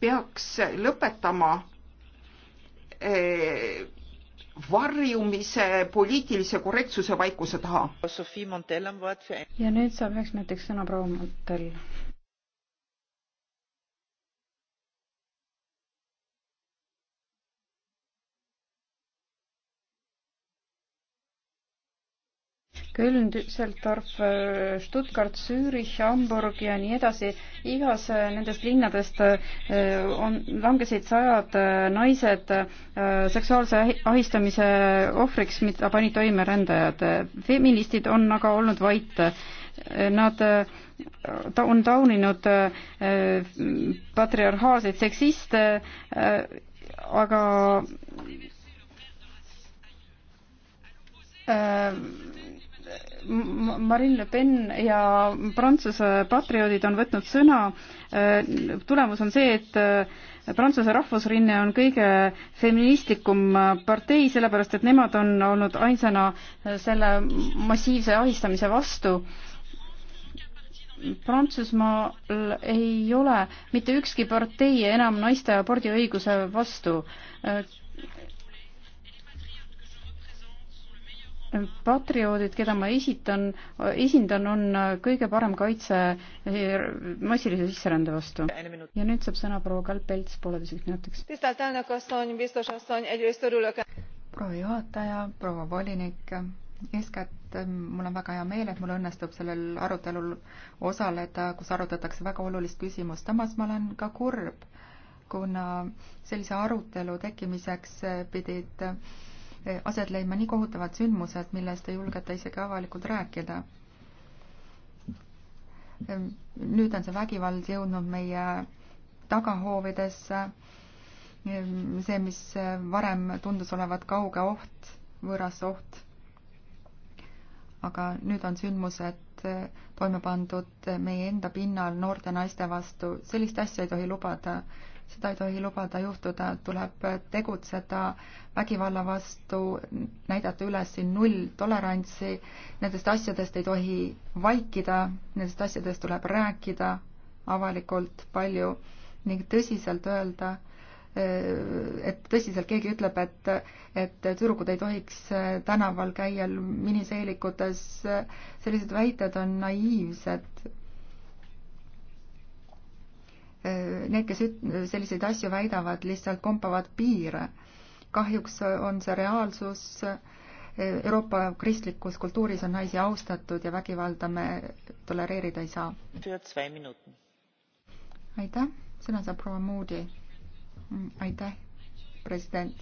peaks lõpetama eh, varjumise poliitilise korrektsuse vaikuse taha. ja nüüd saab üheks minutiks sõna proua Montel. Köln, Düsseldorf, äh, Stuttgart, Zürich, Hamburg ja nii edasi. igas äh, nendest linnadest äh, on, langesid sajad naised seksuaalse ahistamise ohvriks, mida panid toime rändajad. feministid on aga olnud vait. Nad ta on tauninud patriarhaalseid seksiste, aga äh, Marine Le Pen ja Prantsuse patrioodid on võtnud sõna. tulemus on see, et äh, Prantsuse rahvusrinne on kõige feministlikum äh, partei, sellepärast et nemad on olnud ainsana äh, selle massiivse ahistamise vastu Prantsusmaal ei ole mitte ükski partei enam naiste abordiõiguse vastu. patrioodid, keda ma esitan, esindan, on kõige parem kaitse massilise sisserände vastu. ja nüüd saab sõna proua Kalpelts pooleteiseks minutiks. proua juhataja, proua volinik, eeskätt mul on väga hea meel, et mul õnnestub sellel arutelul osaleda, kus arutatakse väga olulist küsimust, samas ma olen ka kurb, kuna sellise arutelu tekkimiseks pidid aset leidma nii kohutavad sündmused, millest ei julgeta isegi avalikult rääkida. nüüd on see vägivald jõudnud meie tagahoovidesse, see, mis varem tundus olevat kauge oht, võõras oht, aga nüüd on sündmused toime pandud meie enda pinnal noorte naiste vastu, sellist asja ei tohi lubada seda ei tohi lubada juhtuda, tuleb tegutseda vägivalla vastu, näidata üles siin nulltolerantsi, nendest asjadest ei tohi vaikida, nendest asjadest tuleb rääkida avalikult palju ning tõsiselt öelda, et tõsiselt keegi ütleb, et, et tüdrukud ei tohiks tänaval käia miniseelikutes, sellised väited on naiivsed need, kes selliseid asju väidavad, lihtsalt kompavad piire. kahjuks on see reaalsus. Euroopa kristlikus kultuuris on naisi austatud ja vägivalda me tolereerida ei saa. aitäh, sõna saab proua Moody. aitäh, president.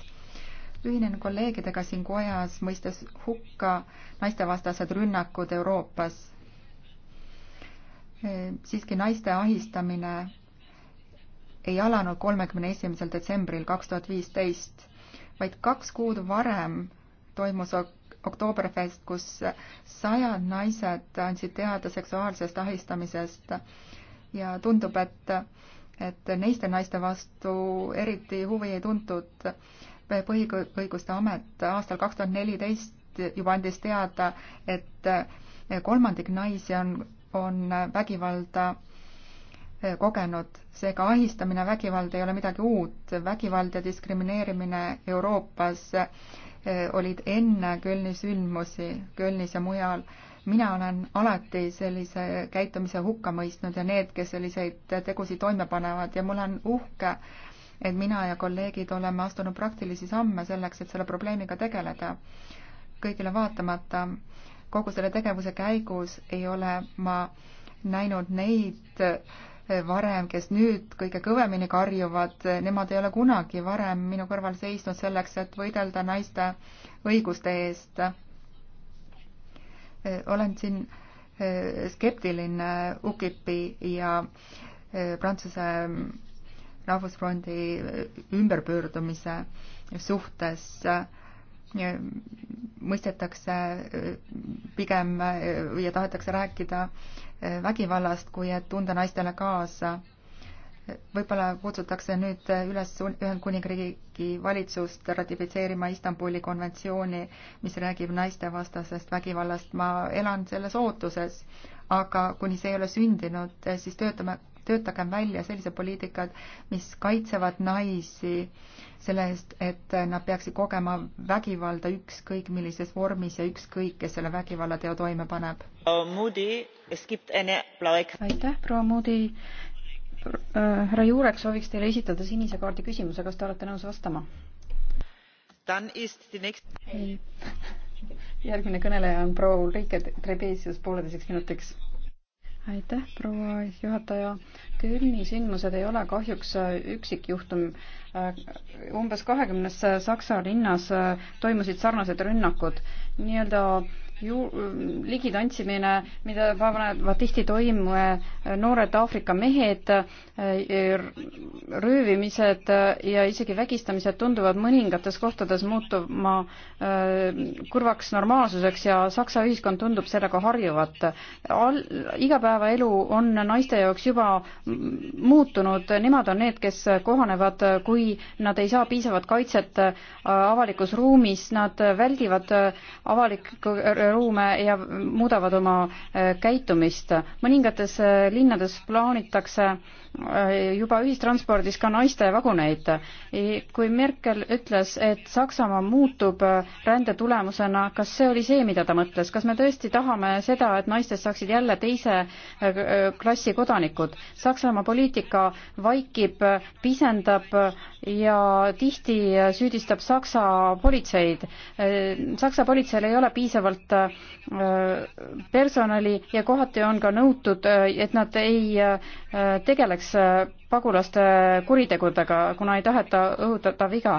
ühinen kolleegidega siin kojas, mõistes hukka naistevastased rünnakud Euroopas. siiski naiste ahistamine ei alanud kolmekümne esimesel detsembril kaks tuhat viisteist, vaid kaks kuud varem toimus Oktoberfest, kus sajad naised andsid teada seksuaalsest ahistamisest ja tundub, et, et neiste naiste vastu eriti huvi ei tuntud. põhiõiguste amet aastal kaks tuhat neliteist juba andis teada, et kolmandik naisi on, on vägivalda kogenud. seega ahistamine, vägivald ei ole midagi uut. vägivald ja diskrimineerimine Euroopas eh, olid enne Kölni sündmusi, Kölnis ja mujal. mina olen alati sellise käitumise hukka mõistnud ja need, kes selliseid tegusid toime panevad ja ma olen uhke, et mina ja kolleegid oleme astunud praktilisi samme selleks, et selle probleemiga tegeleda. kõigile vaatamata kogu selle tegevuse käigus ei ole ma näinud neid äh, varem, kes nüüd kõige kõvemini karjuvad, nemad ei ole kunagi varem minu kõrval seisnud selleks, et võidelda naiste õiguste eest. olen siin eh, skeptiline UKIP-i ja eh, Prantsuse mm, Rahvusfrondi eh, ümberpöördumise suhtes mõistetakse pigem ja tahetakse rääkida vägivallast, kui et tunda naistele kaasa. võib-olla kutsutakse nüüd üles Ühendkuningriigi valitsust ratifitseerima Istanbuli konventsiooni, mis räägib naistevastasest vägivallast. ma elan selles ootuses, aga kuni see ei ole sündinud, siis töötame töötagem välja sellised poliitikad, mis kaitsevad naisi selle eest, et nad peaksid kogema vägivalda ükskõik millises vormis ja ükskõik, kes selle vägivallateo toime paneb. aitäh, proua Moodi. Äh, härra Juurek sooviks teile esitada sinise kaardi küsimuse, kas te olete nõus vastama? järgmine kõneleja on proua Ulrike Trebesius pooleteiseks minutiks aitäh, proua juhataja. Kölni sündmused ei ole kahjuks äh, üksikjuhtum. Äh, umbes kahekümnes Saksa linnas äh, toimusid sarnased rünnakud. nii-öelda ju-, ligi tantsimine, mida panevad tihti toime noored Aafrika mehed, äh, röövimised äh, ja isegi vägistamised tunduvad mõningates kohtades muutuma äh, kurvaks normaalsuseks ja Saksa ühiskond tundub sellega harjuvat. Al-, igapäevaelu on naiste jaoks juba muutunud, nemad on need, kes kohanevad, kui nad ei saa piisavat kaitset avalikus ruumis, nad väldivad avalikku ruume ja muudavad oma äh, käitumist. mõningates äh, linnades plaanitakse äh, Äh, juba ühistranspordis ka naiste vaguneid. kui Merkel ütles, et Saksamaa muutub äh, rände tulemusena, kas see oli see, mida ta mõtles, kas me tõesti tahame seda, et naistest saaksid jälle teise äh, klassi kodanikud? Saksamaa poliitika vaikib, pisendab ja tihti süüdistab Saksa politseid. Saksa politseil ei ole piisavalt personali ja kohati on ka nõutud, et nad ei tegeleks näiteks äh, pagulaste kuritegudega, kuna ei taheta õhutada viga.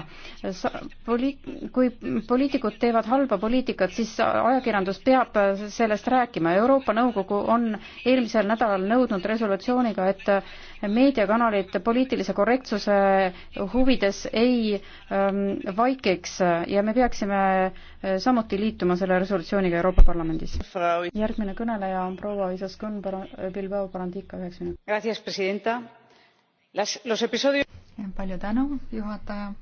Poli-, kui poliitikud teevad halba poliitikat, siis ajakirjandus peab sellest rääkima. Euroopa Nõukogu on eelmisel nädalal nõudnud resolutsiooniga, et meediakanalid poliitilise korrektsuse huvides ei ähm, vaikiks ja me peaksime äh, samuti liituma selle resolutsiooniga Euroopa Parlamendis. järgmine kõneleja on proua Isas Kõnbar-, Bilbao Barandika, üheks minutiks palju tänu, juhataja.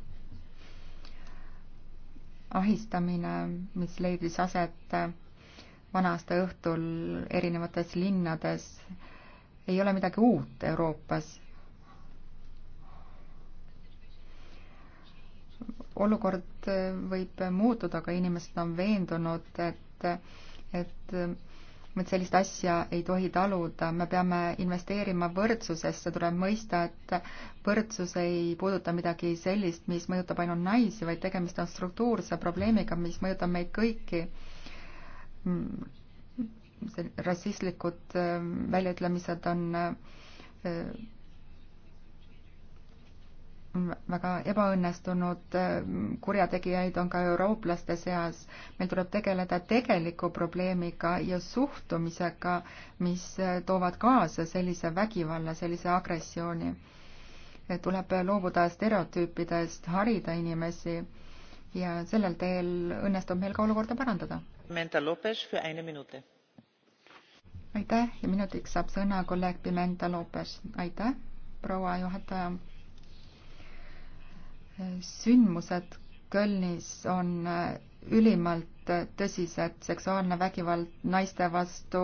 ahistamine, mis leidis aset vana-aasta õhtul erinevates linnades, ei ole midagi uut Euroopas. olukord võib muutuda, aga inimesed on veendunud, et, et et sellist asja ei tohi taluda, me peame investeerima võrdsusesse, tuleb mõista, et võrdsus ei puuduta midagi sellist, mis mõjutab ainult naisi, vaid tegemist on struktuurse probleemiga, mis mõjutab meid kõiki. Mm, rassistlikud äh, väljaütlemised on äh, väga ebaõnnestunud äh, kurjategijaid on ka eurooplaste seas. meil tuleb tegeleda tegeliku probleemiga ja suhtumisega, mis äh, toovad kaasa sellise vägivalla, sellise agressiooni. tuleb loobuda stereotüüpidest, harida inimesi ja sellel teel õnnestub meil ka olukorda parandada. aitäh ja minutiks saab sõna kolleeg Pimenta Lopes. aitäh, proua juhataja sündmused Kölnis on äh, ülimalt tõsised, seksuaalne vägivald naiste vastu,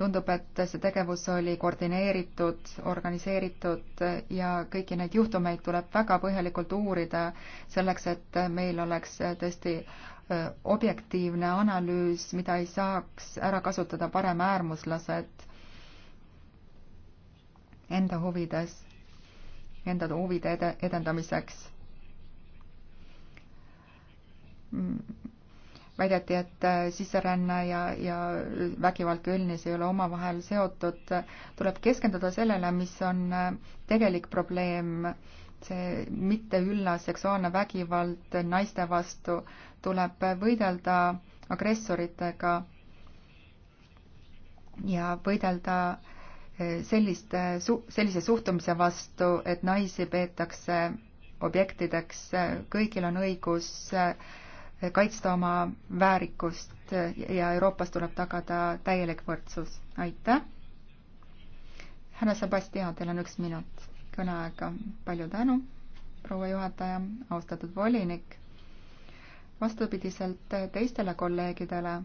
tundub, et see tegevus oli koordineeritud, organiseeritud äh, ja kõiki neid juhtumeid tuleb väga põhjalikult uurida, selleks et meil oleks äh, tõesti objektiivne analüüs, mida ei saaks ära kasutada paremäärmuslased enda huvides, enda huvide edendamiseks väideti, et äh, sisseränne ja, ja vägivald kui üldine, see ei ole omavahel seotud, tuleb keskenduda sellele, mis on äh, tegelik probleem, see mitteüllas seksuaalne vägivald naiste vastu, tuleb võidelda agressoritega ja võidelda äh, selliste, sellise suhtumise vastu, et naisi peetakse objektideks, kõigil on õigus äh, kaitsta oma väärikust ja Euroopas tuleb tagada täielik võrdsus. aitäh! härra Sebastian, teil on üks minut kõneaega. palju tänu, proua juhataja, austatud volinik. vastupidiselt teistele kolleegidele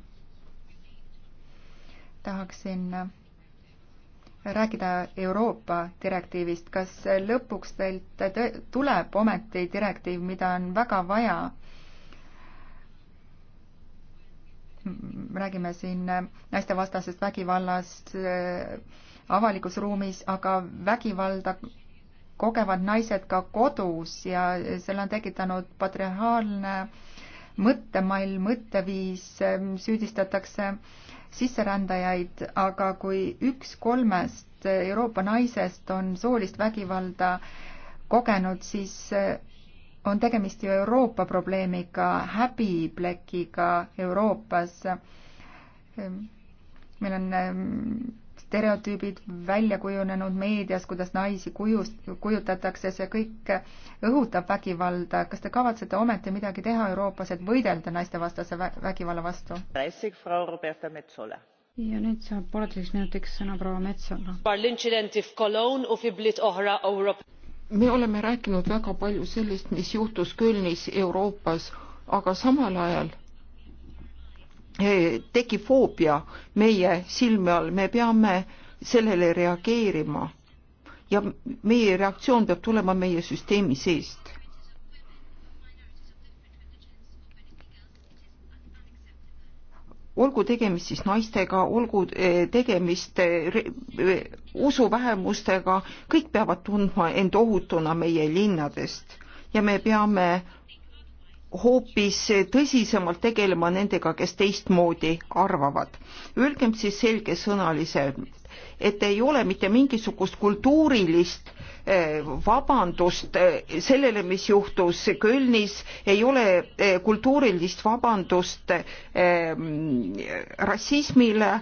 tahaksin rääkida Euroopa direktiivist. kas lõpuks teilt tuleb ometi direktiiv, mida on väga vaja? räägime siin äh, naistevastasest vägivallast äh, avalikus ruumis, aga vägivalda kogevad naised ka kodus ja selle on tekitanud patriarhaalne mõttemall, mõtteviis, ähm, süüdistatakse sisserändajaid, aga kui üks kolmest Euroopa naisest on soolist vägivalda kogenud, siis äh, on tegemist ju Euroopa probleemiga, häbiplekiga Euroopas. meil on ähm, stereotüübid välja kujunenud meedias, kuidas naisi kujust, kujutatakse, see kõik õhutab vägivalda. kas te kavatsete ometi midagi teha Euroopas, et võidelda naistevastase vägivalla vastu? ja nüüd saab pooleteiseks minutiks sõna proua Metsola me oleme rääkinud väga palju sellest, mis juhtus Kölnis Euroopas, aga samal ajal eh, tekib foobia meie silme all, me peame sellele reageerima ja meie reaktsioon peab tulema meie süsteemi seest olgu tegemist siis naistega, olgu eh, tegemist eh, eh, usuvähemustega, kõik peavad tundma end ohutuna meie linnadest ja me peame hoopis tõsisemalt tegelema nendega, kes teistmoodi arvavad. Öelgem siis selgesõnaliselt, et ei ole mitte mingisugust kultuurilist vabandust eh, sellele, mis juhtus Kölnis, ei ole eh, kultuurilist vabandust eh, rassismile.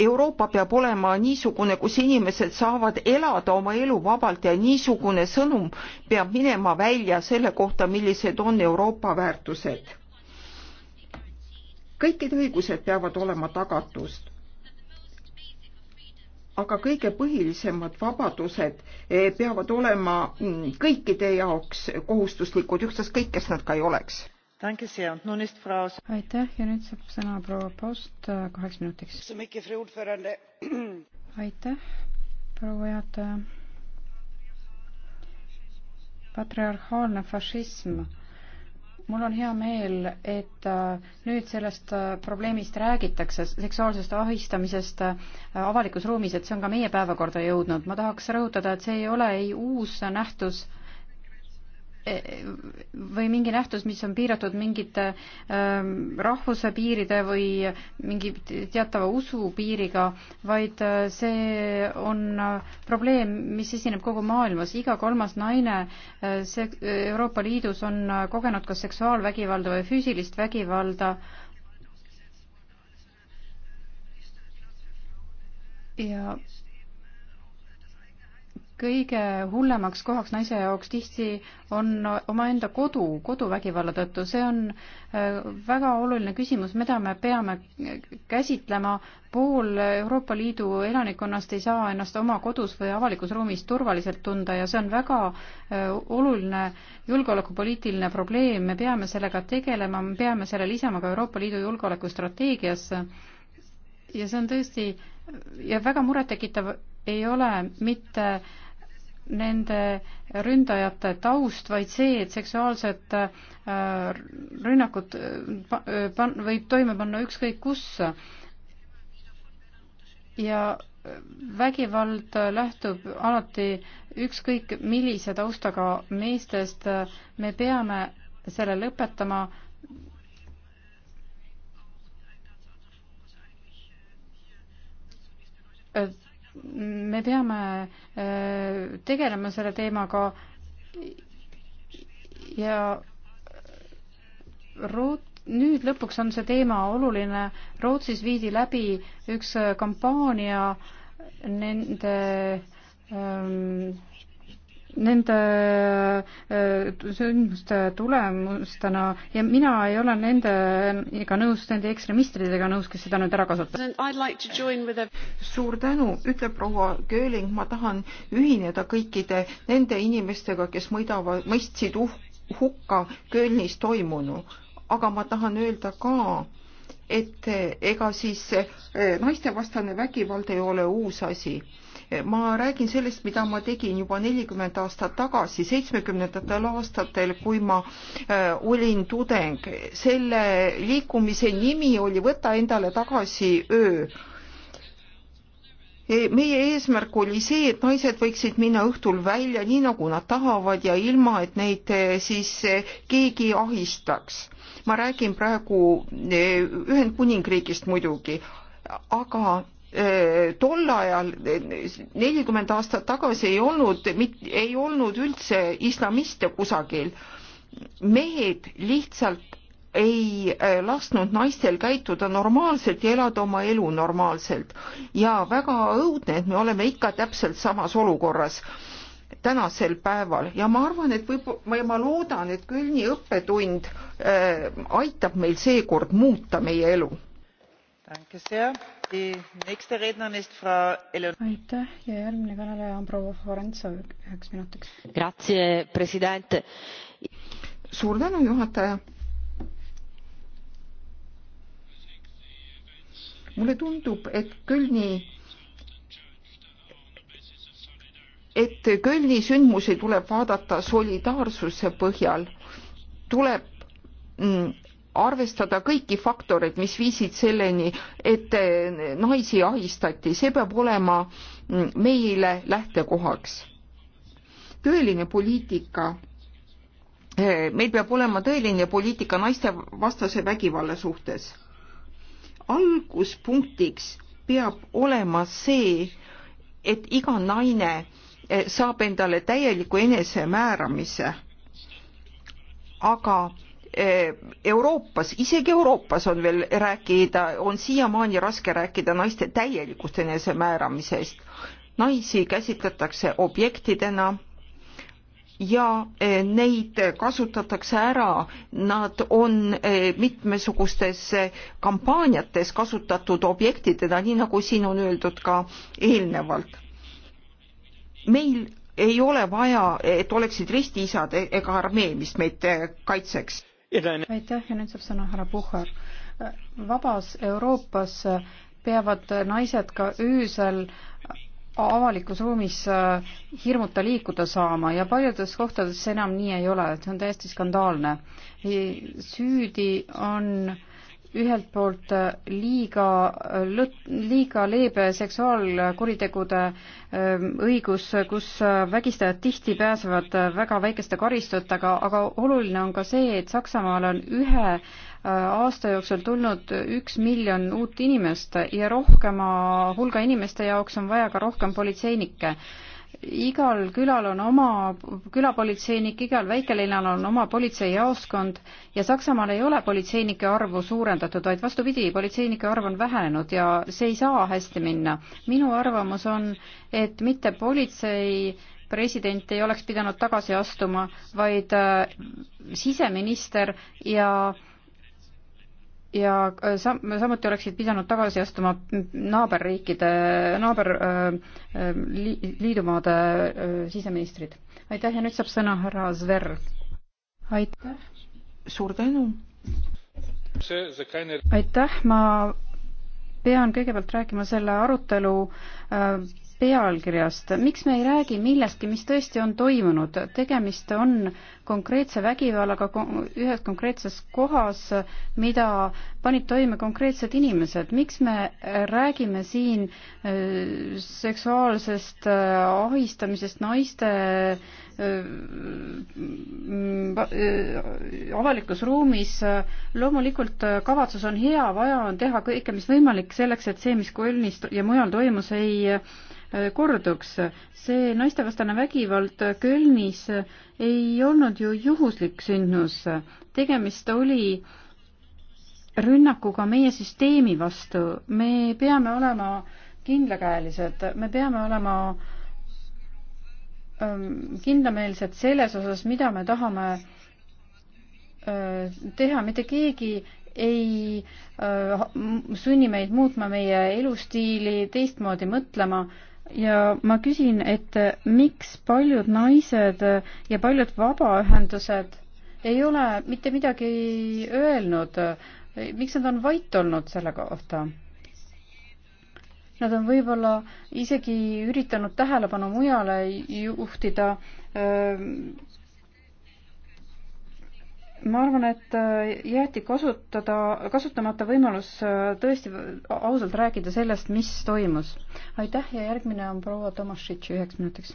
Euroopa peab olema niisugune, kus inimesed saavad elada oma elu vabalt ja niisugune sõnum peab minema välja selle kohta, millised on Euroopa väärtused. kõikide õigused peavad olema tagatust aga kõige põhilisemad vabadused eh, peavad olema mm, kõikide jaoks kohustuslikud, ükstaskõik, kes nad ka ei oleks. aitäh ja nüüd saab sõna proua Post äh, kaheks minutiks. aitäh, proua juhataja. patriarhaalne fašism mul on hea meel, et äh, nüüd sellest äh, probleemist räägitakse, seksuaalsest ahistamisest äh, avalikus ruumis, et see on ka meie päevakorda jõudnud. ma tahaks rõhutada, et see ei ole ei uus nähtus või mingi nähtus, mis on piiratud mingite ähm, rahvuse piiride või mingi teatava usu piiriga, vaid äh, see on äh, probleem, mis esineb kogu maailmas. iga kolmas naine äh, see Euroopa Liidus on kogenud kas seksuaalvägivalda või füüsilist vägivalda. ja kõige hullemaks kohaks naise jaoks tihti on omaenda kodu, koduvägivalla tõttu, see on äh, väga oluline küsimus, mida me peame käsitlema. pool Euroopa Liidu elanikkonnast ei saa ennast oma kodus või avalikus ruumis turvaliselt tunda ja see on väga äh, oluline julgeolekupoliitiline probleem, me peame sellega tegelema, me peame selle lisama ka Euroopa Liidu julgeolekustrateegiasse. ja see on tõesti ja väga murettekitav ei ole mitte äh, nende ründajate taust, vaid see, et seksuaalset äh, rünnakut äh, äh, võib toime panna ükskõik kus. ja vägivald lähtub alati ükskõik millise taustaga meestest, me peame selle lõpetama, et me peame äh, tegelema selle teemaga ja Root-, nüüd lõpuks on see teema oluline. Rootsis viidi läbi üks kampaania nende ähm, nende äh, sündmuste tulemustena ja mina ei ole nendega nõus, nende ekstremistidega nõus, kes seda nüüd ära kasutavad. suur tänu, ütleb proua Gööling, ma tahan ühineda kõikide nende inimestega, kes mõidavad, mõistsid uh, hukka Kölnis toimunu, aga ma tahan öelda ka, et eh, ega siis eh, naistevastane vägivald ei ole uus asi ma räägin sellest, mida ma tegin juba nelikümmend aastat tagasi, seitsmekümnendatel aastatel, kui ma äh, olin tudeng. selle liikumise nimi oli Võta endale tagasi öö e, meie eesmärk oli see, et naised võiksid minna õhtul välja nii, nagu nad tahavad ja ilma, et neid äh, siis äh, keegi ahistaks. ma räägin praegu Ühendkuningriigist muidugi, aga Äh, tol ajal, nelikümmend aastat tagasi ei olnud, ei olnud üldse islamiste kusagil. mehed lihtsalt ei äh, lasknud naistel käituda normaalselt ja elada oma elu normaalselt. ja väga õudne, et me oleme ikka täpselt samas olukorras tänasel päeval ja ma arvan, et võib, ma, ma loodan, et Kölni õppetund äh, aitab meil seekord muuta meie elu aitäh ja järgmine kõneleja on proua Forenza üheks minutiks. Grazie, president. suur tänu, juhataja. mulle tundub, et Kölni et Kölni sündmusi tuleb vaadata solidaarsuse põhjal, tuleb mm, arvestada kõiki faktoreid, mis viisid selleni, et eh, naisi ahistati, see peab olema mm, meile lähtekohaks. tõeline poliitika, eh, meil peab olema tõeline poliitika naistevastase vägivalla suhtes. alguspunktiks peab olema see, et iga naine eh, saab endale täieliku enesemääramise. aga Eh, Euroopas, isegi Euroopas on veel rääkida, on siiamaani raske rääkida naiste täielikust enesemääramisest. naisi käsitletakse objektidena ja eh, neid kasutatakse ära, nad on eh, mitmesugustes kampaaniates kasutatud objektidena, nii nagu siin on öeldud ka eelnevalt. meil ei ole vaja, et oleksid ristiisad e- ega armee, mis meid kaitseks aitäh ja nüüd saab sõna härra Puhhar. vabas Euroopas peavad naised ka öösel avalikus ruumis hirmuta liikuda saama ja paljudes kohtades see enam nii ei ole, et see on täiesti skandaalne. süüdi on äh, ühelt poolt liiga, liiga leebe seksuaalkuritegude ähm, õigus, kus vägistajad tihti pääsevad väga väikeste karistustega, aga oluline on ka see, et Saksamaal on ühe äh, aasta jooksul tulnud üks miljon uut inimest ja rohkema hulga inimeste jaoks on vaja ka rohkem politseinikke igal külal on oma külapolitseinik, igal väikelinnal on oma politseijaoskond ja Saksamaal ei ole politseinike arvu suurendatud, vaid vastupidi, politseinike arv on vähenenud ja see ei saa hästi minna. minu arvamus on, et mitte politsei president ei oleks pidanud tagasi astuma, vaid äh, siseminister ja äh, ja äh, sam-, samuti oleksid pidanud tagasi astuma naaberriikide, naaberliidumaade äh, äh, siseministrid. aitäh ja nüüd saab sõna härra Zver. aitäh. suur tänu. aitäh, ma pean kõigepealt rääkima selle arutelu pealkirjast, miks me ei räägi millestki, mis tõesti on toimunud, tegemist on konkreetse vägivallaga ühes konkreetses kohas, mida panid toime konkreetsed inimesed, miks me räägime siin äh, seksuaalsest äh, ahistamisest naiste äh, avalikus ruumis, loomulikult kavatsus on hea, vaja on teha kõike, mis võimalik selleks, et see, mis Kölnis ja mujal toimus, ei Äh, korduks. see naistevastane vägivald Kölnis ei olnud ju juhuslik sündmus. tegemist oli rünnakuga meie süsteemi vastu. me peame olema kindlakäelised, me peame olema ähm, kindlameelsed selles osas, mida me tahame äh, teha, mitte keegi ei äh, sunni meid muutma meie elustiili, teistmoodi mõtlema ja ma küsin, et miks paljud naised ja paljud vabaühendused ei ole mitte midagi öelnud, miks nad on vait olnud selle kohta? Nad on võib-olla isegi üritanud tähelepanu mujale juhtida ähm, ma arvan, et äh, jäeti kasutada, kasutamata võimalus äh, tõesti ausalt rääkida sellest, mis toimus. aitäh ja järgmine on proua Tomašitš üheks minutiks.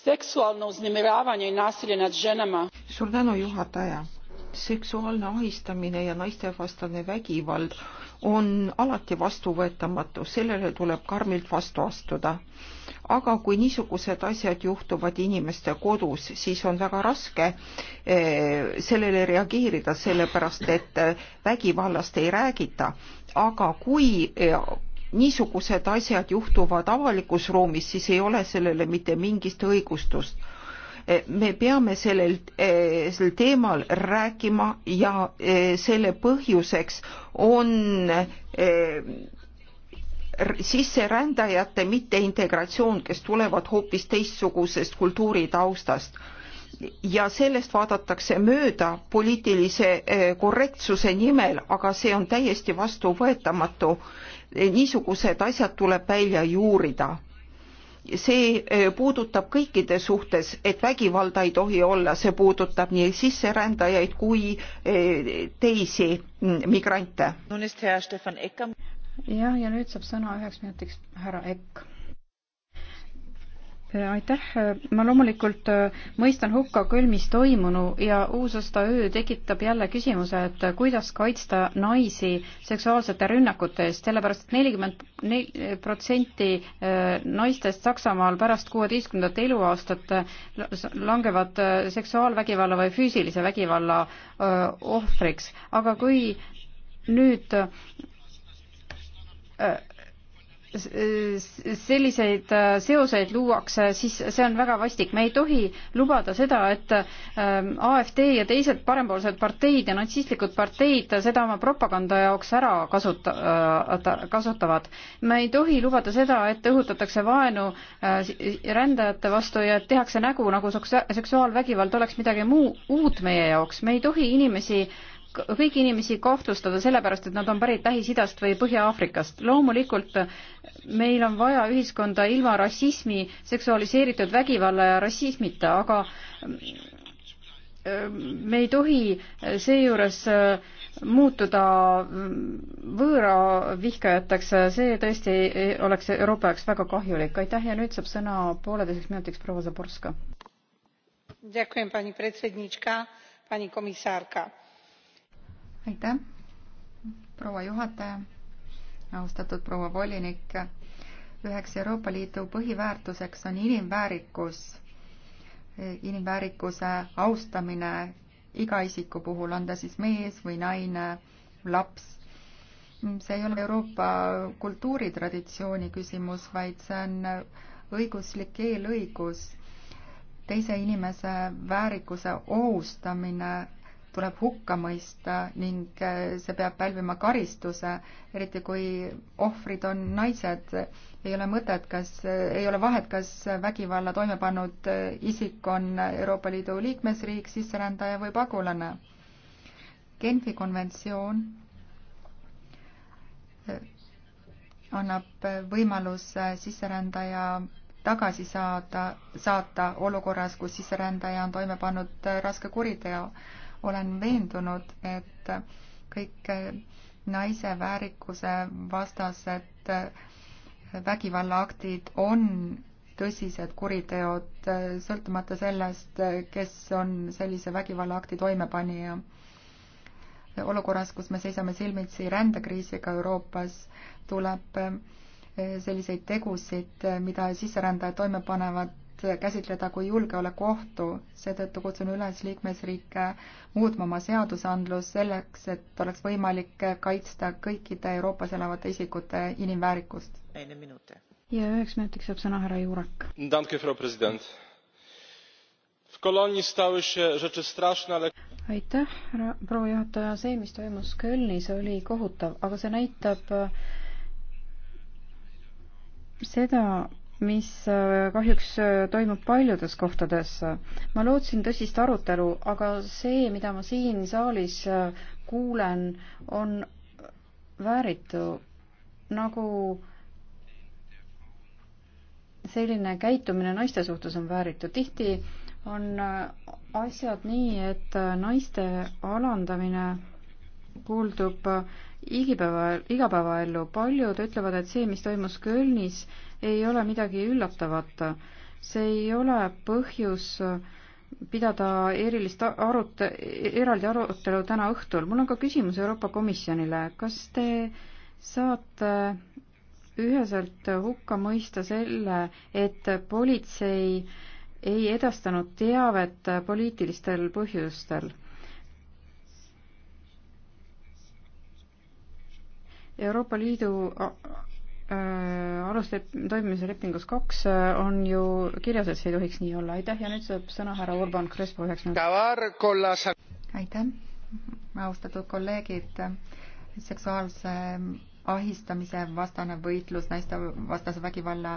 seksuaalne uznimiravanje ja nasilje nad ženama. suur tänu, juhataja. seksuaalne ahistamine ja naistevastane vägivald on alati vastuvõetamatu, sellele tuleb karmilt vastu astuda aga kui niisugused asjad juhtuvad inimeste kodus, siis on väga raske eh, sellele reageerida, sellepärast et eh, vägivallast ei räägita. aga kui eh, niisugused asjad juhtuvad avalikus ruumis, siis ei ole sellele mitte mingist õigustust. me peame sellel, sel teemal rääkima ja selle põhjuseks on sisserändajate mitteintegratsioon, kes tulevad hoopis teistsugusest kultuuritaustast ja sellest vaadatakse mööda poliitilise eh, korrektsuse nimel, aga see on täiesti vastuvõetamatu. niisugused asjad tuleb välja juurida. see eh, puudutab kõikide suhtes, et vägivalda ei tohi olla, see puudutab nii sisserändajaid kui eh, teisi mm, migrante jah, ja nüüd saab sõna üheks minutiks härra Ekk äh, aitäh, äh, ma loomulikult äh, mõistan hukka Kölmis toimunu ja uusaasta öö tekitab jälle küsimuse, et kuidas kaitsta naisi seksuaalsete rünnakute eest, sellepärast et nelikümmend protsenti naistest Saksamaal pärast kuueteistkümnendat eluaastat langevad seksuaalvägivalla või füüsilise vägivalla ohvriks, aga kui nüüd selliseid äh, seoseid luuakse, siis see on väga vastik. me ei tohi lubada seda, et ähm, AfD ja teised parempoolsed parteid ja natsistlikud parteid seda oma propaganda jaoks ära kasuta-, äh, kasutavad. me ei tohi lubada seda, et õhutatakse vaenu äh, rändajate vastu ja tehakse nägu, nagu seksuaalvägivald oleks midagi muu, uut meie jaoks. me ei tohi inimesi kõiki inimesi kahtlustada sellepärast, et nad on pärit Lähis-Idast või Põhja-Aafrikast. loomulikult meil on vaja ühiskonda ilma rassismi, seksualiseeritud vägivalla ja rassismita, aga ähm, me ei tohi seejuures äh, muutuda ähm, võõra vihkajateks, see tõesti oleks Euroopa jaoks väga kahjulik. aitäh ja nüüd saab sõna pooleteiseks minutiks proua Zaborska. tänan, pani predsednička, pani komissarka aitäh, proua juhataja, austatud proua volinik. üheks Euroopa Liidu põhiväärtuseks on inimväärikus, inimväärikuse austamine iga isiku puhul, on ta siis mees või naine, laps. see ei ole Euroopa kultuuritraditsiooni küsimus, vaid see on õiguslik eelõigus, teise inimese väärikuse ohustamine tuleb hukka mõista ning äh, see peab pälvima karistuse, eriti kui ohvrid on naised. ei ole mõtet, kas, äh, ei ole vahet, kas vägivalla toime pannud äh, isik on Euroopa Liidu liikmesriik, sisserändaja või pagulane. Genfi konventsioon annab võimaluse sisserändaja tagasi saada, saata olukorras, kus sisserändaja on toime pannud raske kuriteo olen veendunud, et kõik naise väärikuse vastased vägivallaaktid on tõsised kuriteod, sõltumata sellest, kes on sellise vägivallaakti toimepanija. olukorras, kus me seisame silmitsi rändekriisiga Euroopas, tuleb selliseid tegusid, mida sisserändajad toime panevad, käsitleda kui julgeolekuohtu. seetõttu kutsun üles liikmesriike muutma oma seadusandlus selleks, et oleks võimalik kaitsta kõikide Euroopas elavate isikute inimväärikust. ja üheks minutiks saab sõna härra Juurak. aitäh, härra proua juhataja, see, mis toimus Kölnis, oli kohutav, aga see näitab äh, seda, mis äh, kahjuks äh, toimub paljudes kohtades. ma lootsin tõsist arutelu, aga see, mida ma siin saalis äh, kuulen, on vääritu nagu selline käitumine naiste suhtes on vääritu. tihti on asjad nii, et naiste alandamine kuuldub igipäeva, igapäevaellu. paljud ütlevad, et see, mis toimus Kölnis, ei ole midagi üllatavat. see ei ole põhjus pidada erilist arut-, eraldi arutelu täna õhtul. mul on ka küsimus Euroopa Komisjonile. kas te saate üheselt hukka mõista selle, et politsei ei edastanud teavet poliitilistel põhjustel? Euroopa Liidu äh, äh, aluslep-, toimimise lepingus kaks äh, on ju kirjas, et see ei tohiks nii olla. aitäh ja nüüd saab sõna härra Urban Crespo üheks minutiks. aitäh, austatud kolleegid. seksuaalse ahistamise vastane võitlus, naistevastase vägivalla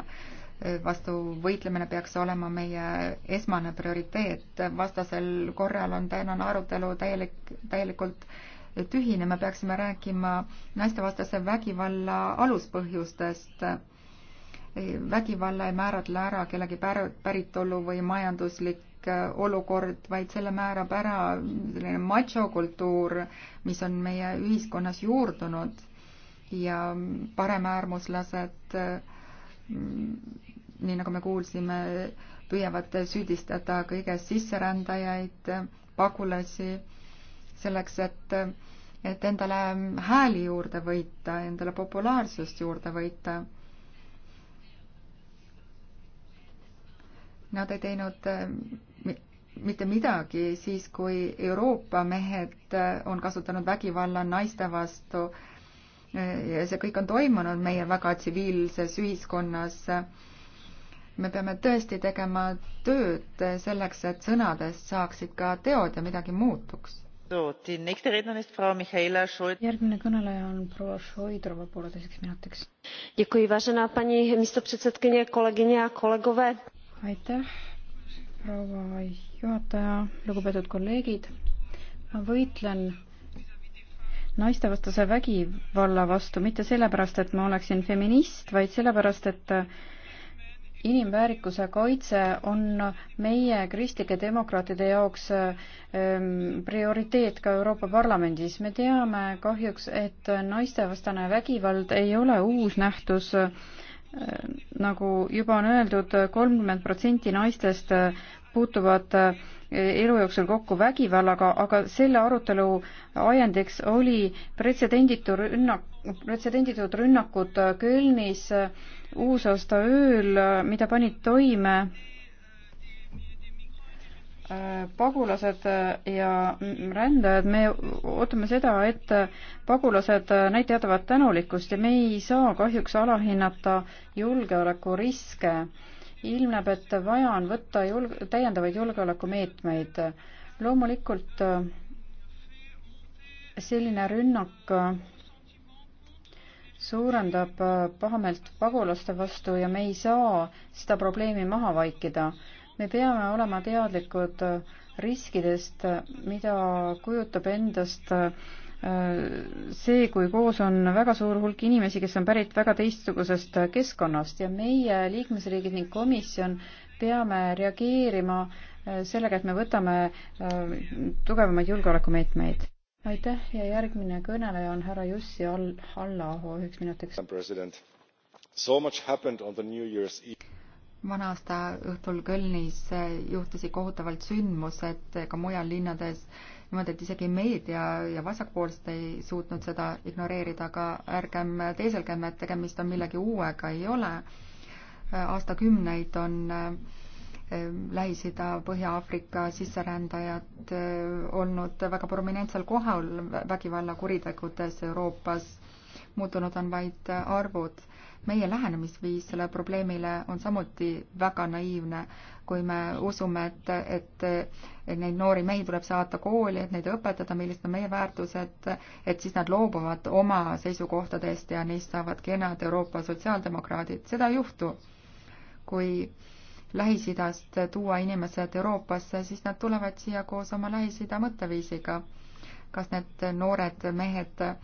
vastu võitlemine peaks olema meie esmane prioriteet. vastasel korral on tänane arutelu täielik, täielikult tühine, me peaksime rääkima naistevastase vägivalla aluspõhjustest. vägivalla ei määratle ära kellegi päritolu või majanduslik äh, olukord, vaid selle määrab ära selline machokultuur, mis on meie ühiskonnas juurdunud ja paremäärmuslased, äh, nii nagu me kuulsime, püüavad süüdistada kõiges sisserändajaid, pagulasi selleks, et, et endale hääli juurde võita, endale populaarsust juurde võita. Nad ei teinud mitte midagi siis, kui Euroopa mehed on kasutanud vägivalla naiste vastu ja see kõik on toimunud meie väga tsiviilses ühiskonnas. me peame tõesti tegema tööd selleks, et sõnadest saaksid ka teod ja midagi muutuks järgmine kõneleja on proua šojdrova pooleteiseks minutiks. aitäh proua juhataja lugupeetud kolleegid ma võitlen naistevastase vägivalla vastu mitte sellepärast et ma oleksin feminist vaid sellepärast et inimväärikuse kaitse on meie kristlike demokraatide jaoks ähm, prioriteet ka Euroopa Parlamendis. me teame kahjuks, et naistevastane vägivald ei ole uus nähtus äh, nagu juba on öeldud, kolmkümmend protsenti naistest puutuvad äh, elu jooksul kokku vägivallaga, aga selle arutelu ajendiks oli pretsedenditu rünnak, pretsedenditud rünnakud Kölnis uusaasta ööl, mida panid toime äh, pagulased ja rändajad, me ootame seda, et pagulased näitavad tänulikkust ja me ei saa kahjuks alahinnata julgeolekuriske ilmneb, et vaja on võtta julg-, täiendavaid julgeolekumeetmeid. loomulikult äh, selline rünnak äh, suurendab äh, pahameelt pagulaste vastu ja me ei saa seda probleemi maha vaikida. me peame olema teadlikud riskidest, mida kujutab endast äh, see, kui koos on väga suur hulk inimesi, kes on pärit väga teistsugusest keskkonnast ja meie liikmesriigid ning komisjon peame reageerima äh, sellega, et me võtame äh, tugevamaid julgeolekumeetmeid. aitäh ja järgmine kõneleja on härra Jussi All-, Hallaaho üheks minutiks. vana aasta õhtul Kölnis äh, juhtusid kohutavalt sündmused ka mujal linnades niimoodi, et isegi meedia ja vasakpoolsed ei suutnud seda ignoreerida, aga ärgem teeselgem, et tegemist on millegi uuega, ei ole. aastakümneid on ehm, Lähis-Ida, Põhja-Aafrika sisserändajad ehm, olnud väga prominentsel kohal vägivallakuritegudes Euroopas. muutunud on vaid arvud meie lähenemisviis selle probleemile on samuti väga naiivne, kui me usume, et, et neid noori mehi tuleb saata kooli, et neid õpetada, millised on meie väärtused, et siis nad loobuvad oma seisukohtadest ja neist saavad kenad Euroopa sotsiaaldemokraadid. seda ei juhtu. kui Lähis-Idast tuua inimesed Euroopasse, siis nad tulevad siia koos oma Lähis-Ida mõtteviisiga. kas need noored mehed äh,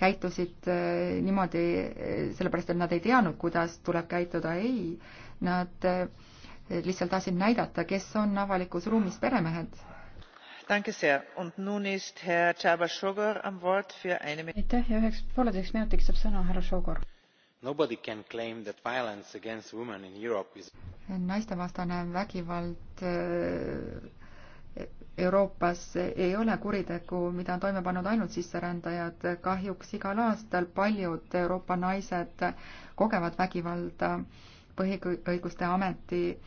käitusid äh, niimoodi äh, sellepärast, et nad ei teadnud, kuidas tuleb käituda, ei. Nad äh, lihtsalt tahtsid näidata, kes on avalikus ruumis peremehed. aitäh ja üheks pooleteiseks minutiks saab sõna härra Šogor is.... naistevastane vägivald Euroopas ei ole kuritegu, mida on toime pannud ainult sisserändajad. kahjuks igal aastal paljud Euroopa naised kogevad vägivalda. põhiõiguste ameti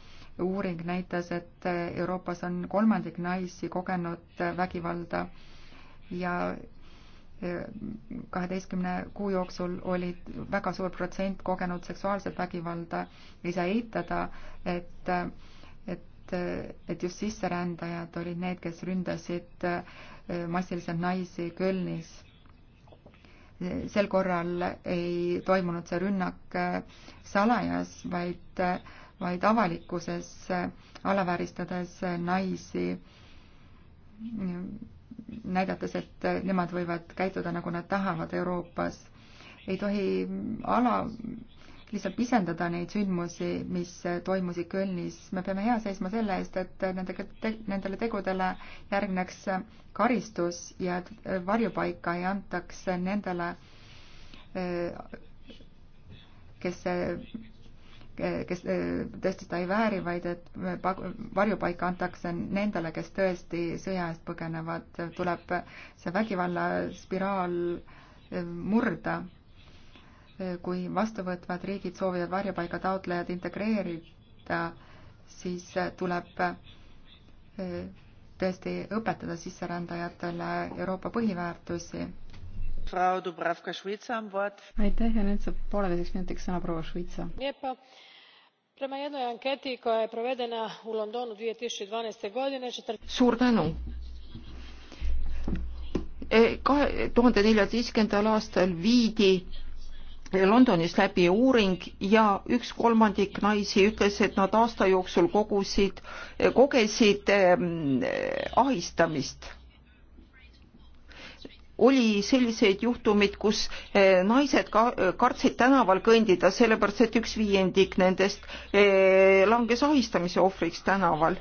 uuring näitas, et Euroopas on kolmandik naisi kogenud vägivalda ja e, kaheteistkümne kuu jooksul oli väga suur protsent kogenud seksuaalset vägivalda. ei saa eitada, et et, et just sisserändajad olid need, kes ründasid äh, massiliselt naisi Kölnis. sel korral ei toimunud see rünnak äh, salajas, vaid, äh, vaid avalikkuses, alavääristades naisi, näidates, et nemad võivad käituda, nagu nad tahavad Euroopas. ei tohi ala lihtsalt pisendada neid sündmusi, mis toimusid Kölnis. me peame hea seisma selle eest, et nendega te,, nendele tegudele järgneks karistus ja et äh, varjupaika ei antaks nendele, äh, kes, äh, kes tõesti seda ei vääri, vaid et varjupaika antakse nendele, kes tõesti sõja eest põgenevad. tuleb see vägivallaspiraal murda kui vastuvõtvad riigid soovivad varjupaiga taotlejad integreerida, siis tuleb eh, tõesti õpetada sisserändajatele Euroopa põhiväärtusi. aitäh ja nüüd saab pooleteiseks minutiks sõna proua Švitsa. Prema jednoj anketi koja je provedena u Londonu 2012. godine... Suur tänu! E, kahe tuhande neljateistkümnendal aastal viidi Londonist läbi uuring ja üks kolmandik naisi ütles, et nad aasta jooksul kogusid, kogesid ehm, ahistamist. oli selliseid juhtumeid, kus eh, naised ka kartsid tänaval kõndida, sellepärast et üks viiendik nendest eh, langes ahistamise ohvriks tänaval.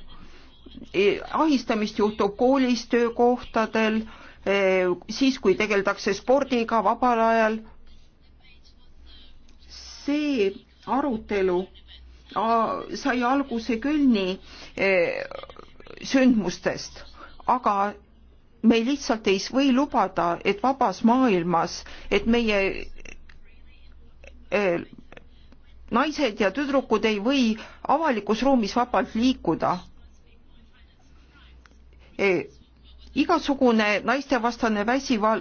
E, ahistamist juhtub koolis, töökohtadel, eh, siis kui tegeldakse spordiga, vabal ajal see arutelu sai alguse küll nii e, sündmustest, aga me lihtsalt ei või lubada, et vabas maailmas, et meie e, naised ja tüdrukud ei või avalikus ruumis vabalt liikuda. E, igasugune naistevastane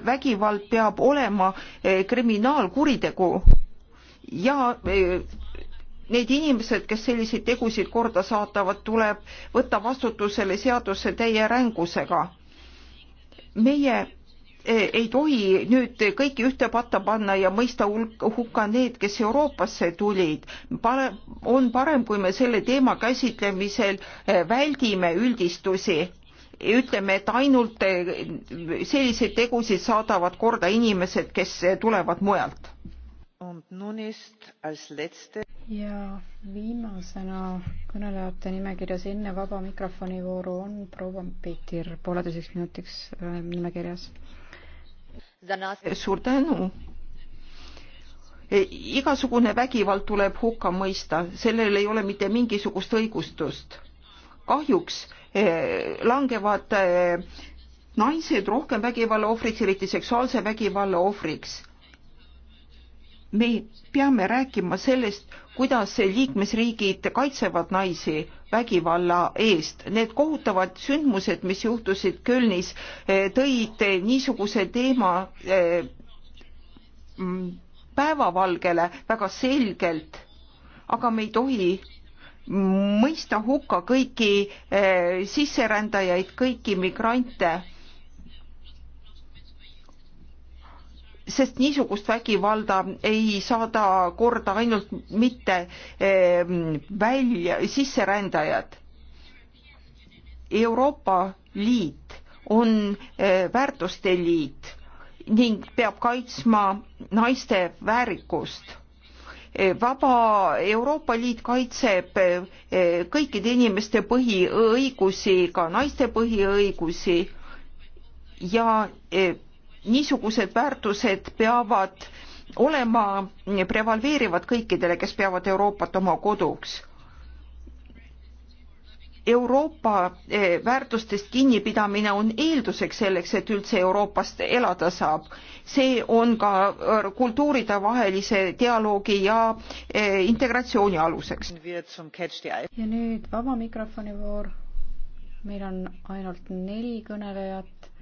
vägivald peab olema kriminaalkuritegu ja e, need inimesed, kes selliseid tegusid korda saatavad, tuleb võtta vastutusele seaduse täie rängusega. meie e, ei tohi nüüd kõiki ühte patta panna ja mõista hukka need, kes Euroopasse tulid. parem, on parem, kui me selle teema käsitlemisel e, väldime üldistusi ütleme, et ainult selliseid tegusid saadavad korda inimesed, kes tulevad mujalt ja viimasena kõnelejate nimekirjas enne vaba mikrofoni vooru on proua Peeter pooleteiseks minutiks äh, nimekirjas. suur tänu e, igasugune vägivald tuleb hukka mõista, sellel ei ole mitte mingisugust õigustust. kahjuks e, langevad e, naised rohkem vägivalla ohvriks, eriti seksuaalse vägivalla ohvriks me peame rääkima sellest, kuidas liikmesriigid kaitsevad naisi vägivalla eest. Need kohutavad sündmused, mis juhtusid Kölnis, eh, tõid niisuguse teema eh, mm, päevavalgele väga selgelt, aga me ei tohi mõista hukka kõiki eh, sisserändajaid, kõiki migrante sest niisugust vägivalda ei saada korda ainult mitte ehm, välja, sisserändajad. Euroopa Liit on eh, väärtuste liit ning peab kaitsma naiste väärikust. Eh, vaba Euroopa Liit kaitseb eh, kõikide inimeste põhiõigusi, ka naiste põhiõigusi ja niisugused väärtused peavad olema prevaleerivad kõikidele, kes peavad Euroopat oma koduks. Euroopa eh, väärtustest kinnipidamine on eelduseks selleks, et üldse Euroopast elada saab. see on ka eh, kultuuridevahelise dialoogi ja eh, integratsiooni aluseks. ja nüüd vaba mikrofoni voor. meil on ainult neli kõnelejat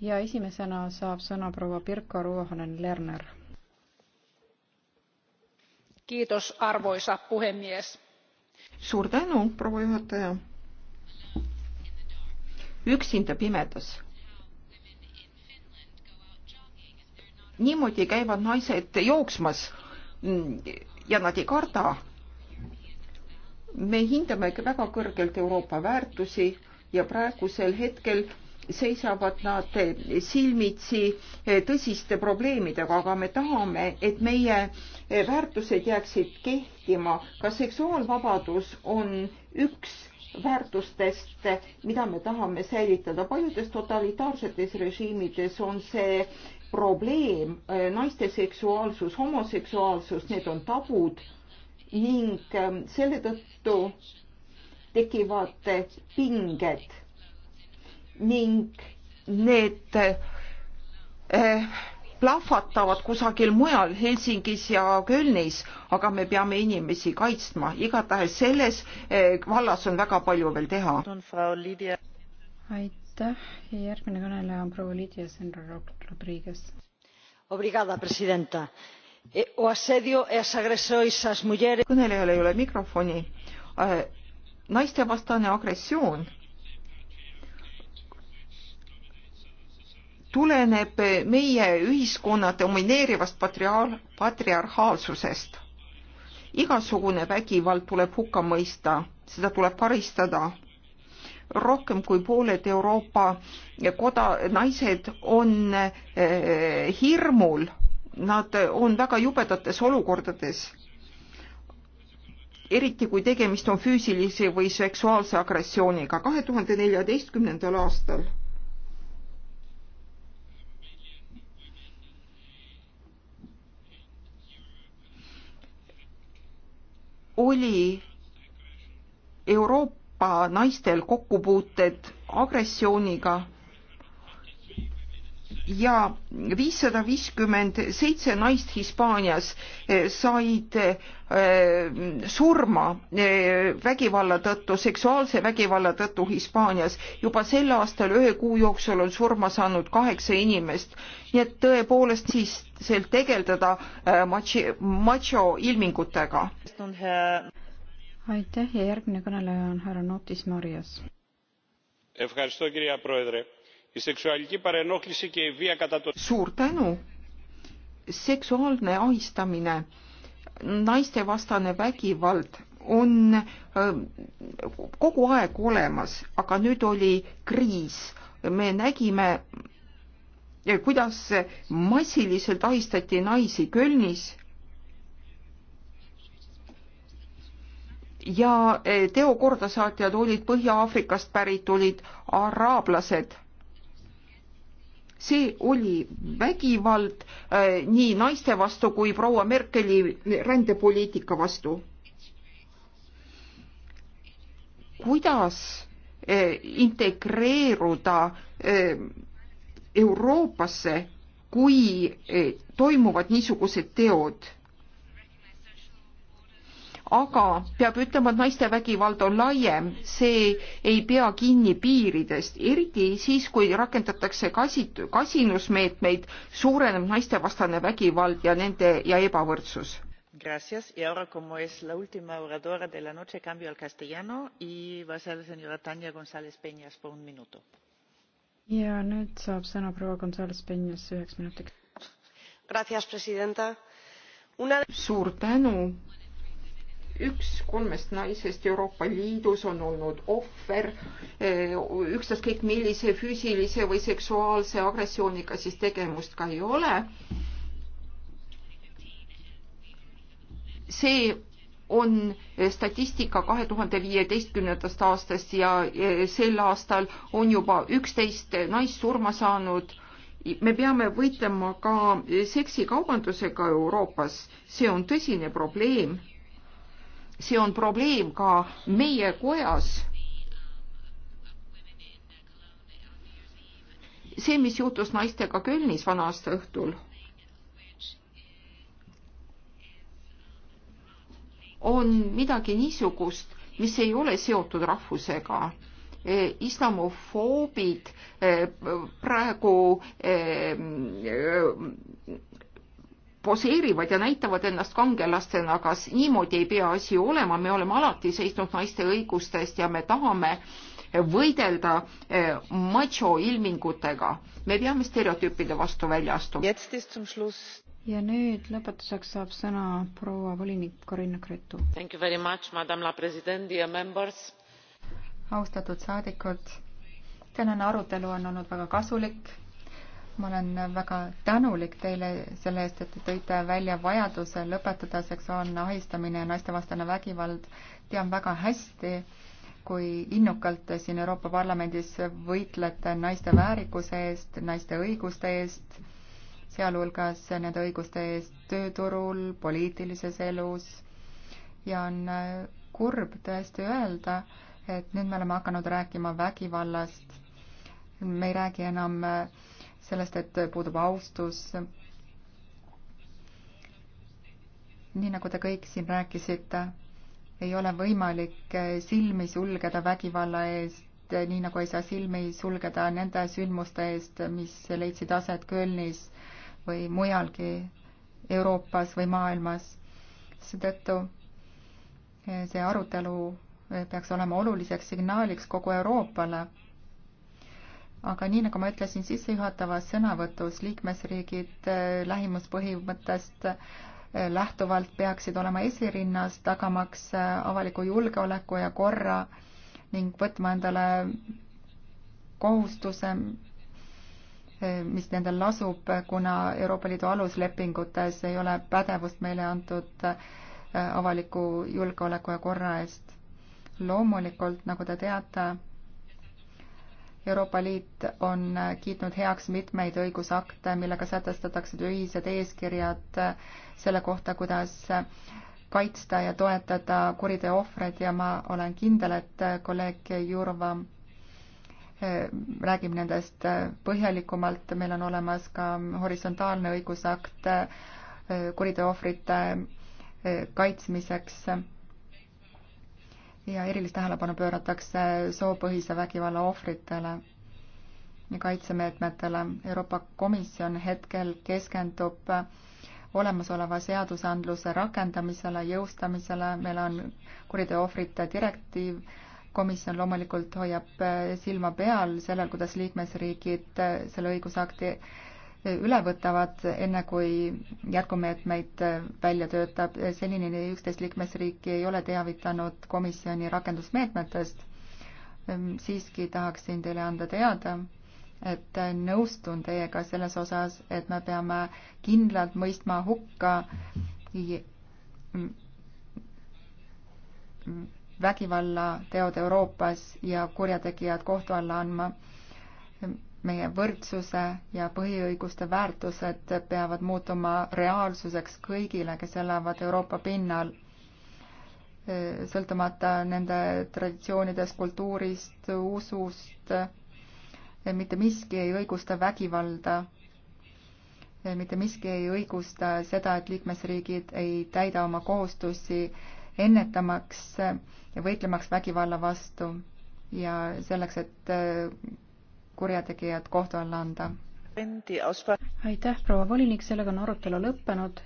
ja esimesena saab sõna proua Pirko Ruohonen Lerner. Kiitos, arvoisa puhemies. suur tänu, proua juhataja. üksinda pimedas niimoodi käivad naised jooksmas mm, ja nad ei karda. me hindame väga kõrgelt Euroopa väärtusi ja praegusel hetkel seisavad nad silmitsi tõsiste probleemidega, aga me tahame, et meie väärtused jääksid kehtima. ka seksuaalvabadus on üks väärtustest, mida me tahame säilitada. paljudes totalitaarsetes režiimides on see probleem, äh, naiste seksuaalsus, homoseksuaalsus, need on tabud ning ähm, selle tõttu tekivad pinged ning need eh, plahvatavad kusagil mujal Helsingis ja Kölnis, aga me peame inimesi kaitsma, igatahes selles eh, vallas on väga palju veel teha. aitäh, järgmine kõneleja on proua Lydia Senra-Rodriguez. Obrigada, presidenta. E, e kõnelejal ei ole mikrofoni. Eh, naistevastane agressioon tuleneb meie ühiskonna domineerivast patriaal, patriarhaalsusest. igasugune vägivald tuleb hukka mõista, seda tuleb karistada. rohkem kui pooled Euroopa koda, naised on eh, hirmul, nad on väga jubedates olukordades. eriti kui tegemist on füüsilise või seksuaalse agressiooniga. kahe tuhande neljateistkümnendal aastal oli Euroopa naistel kokkupuuted agressiooniga ja viissada viiskümmend seitse naist Hispaanias eh, said eh, surma eh, vägivalla tõttu, seksuaalse vägivalla tõttu Hispaanias. juba sel aastal ühe kuu jooksul on surma saanud kaheksa inimest. nii et tõepoolest siis seal tegeldada macho, macho ilmingutega. aitäh ja järgmine kõneleja on härra Notis Marias. Evharisto kirja proedre η σεξουαλική παρενόχληση και η βία κατά των. Suur tänu. Seksuaalne ahistamine, naistevastane vägivald on äh, kogu aeg olemas, aga nüüd oli kriis. me nägime, äh, kuidas massiliselt ahistati naisi Kölnis ja äh, teokordasaatjad olid Põhja-Aafrikast pärit, olid araablased see oli vägivald äh, nii naiste vastu kui proua Merkeli rändepoliitika vastu. kuidas äh, integreeruda äh, Euroopasse, kui äh, toimuvad niisugused teod? aga peab ütlema, et naiste vägivald on laiem, see ei pea kinni piiridest, eriti siis, kui rakendatakse kasit-, kasinusmeetmeid, suureneb naistevastane vägivald ja nende ja ebavõrdsus. Gracias y ahora como es la última oradora de la noche cambio al castellano y va a ser la señora Tania González Peñas por un minuto. ja nüüd saab sõna proua González Peñas üheks minutiks. Gracias presidenta. Una... suur tänu üks kolmest naisest Euroopa Liidus on olnud ohver eh, ükstaskõik millise füüsilise või seksuaalse agressiooniga siis tegemust ka ei ole. see on statistika kahe tuhande viieteistkümnendast aastast ja eh, sel aastal on juba üksteist naist surma saanud me peame võitlema ka seksikaubandusega Euroopas, see on tõsine probleem see on probleem ka meie kojas. see, mis juhtus naistega Kölnis vana-aasta õhtul, on midagi niisugust, mis ei ole seotud rahvusega e, islamofoobid e, praegu e, poseerivad ja näitavad ennast kangelastena, aga niimoodi ei pea asi olema, me oleme alati seisnud naiste õigustest ja me tahame võidelda eh, macho ilmingutega. me peame stereotüüpide vastu välja astuma. ja nüüd lõpetuseks saab sõna proua volinik Corinna Cretu. austatud saadikud, tänane arutelu on olnud väga kasulik ma olen väga tänulik teile selle eest, et te tõite välja vajaduse lõpetada seksuaalne ahistamine ja naistevastane vägivald. tean väga hästi, kui innukalt te siin Euroopa Parlamendis võitlete naiste väärikuse eest, naiste õiguste eest, sealhulgas nende õiguste eest tööturul, poliitilises elus ja on äh, kurb tõesti öelda, et nüüd me oleme hakanud rääkima vägivallast. me ei räägi enam äh, sellest, et puudub austus. nii nagu te kõik siin rääkisite, ei ole võimalik silmi sulgeda vägivalla eest, nii nagu ei saa silmi sulgeda nende sündmuste eest, mis leidsid aset Kölnis või mujalgi Euroopas või maailmas. seetõttu eh, see arutelu eh, peaks olema oluliseks signaaliks kogu Euroopale aga nii, nagu ma ütlesin sissejuhatavas sõnavõtus, liikmesriigid äh, lähimuspõhimõttest äh, lähtuvalt peaksid olema esirinnas, tagamaks äh, avaliku julgeoleku ja korra ning võtma endale kohustuse, mis nendel lasub, kuna Euroopa Liidu aluslepingutes ei ole pädevust meile antud avaliku julgeoleku ja korra eest. loomulikult, nagu te teate, Euroopa Liit on kiitnud heaks mitmeid õigusakte, millega sätestatakse ühised eeskirjad selle kohta, kuidas kaitsta ja toetada kuriteo ohvreid ja ma olen kindel, et kolleeg Jurva eh, räägib nendest eh, põhjalikumalt, meil on olemas ka horisontaalne õigusakt eh, kuriteo ohvrite kaitsmiseks ja erilist tähelepanu pööratakse soopõhise vägivalla ohvritele ja kaitsemeetmetele. Euroopa Komisjon hetkel keskendub olemasoleva seadusandluse rakendamisele, jõustamisele, meil on kuriteo ohvrite direktiiv, komisjon loomulikult hoiab silma peal sellel, kuidas liikmesriigid selle õigusakti üle võtavad, enne kui jätkumeetmeid välja töötab. senini üksteist liikmesriiki ei ole teavitanud komisjoni rakendusmeetmetest. siiski tahaksin teile anda teada, et nõustun teiega selles osas, et me peame kindlalt mõistma hukka vägivallateod Euroopas ja kurjategijad kohtu alla andma meie võrdsuse ja põhiõiguste väärtused peavad muutuma reaalsuseks kõigile, kes elavad Euroopa pinnal, sõltumata nende traditsioonidest, kultuurist, usust. mitte miski ei õigusta vägivalda. mitte miski ei õigusta seda, et liikmesriigid ei täida oma kohustusi ennetamaks ja võitlemaks vägivalla vastu ja selleks, et kurjategijad kohtu alla anda. aitäh, proua volinik, sellega on arutelu lõppenud.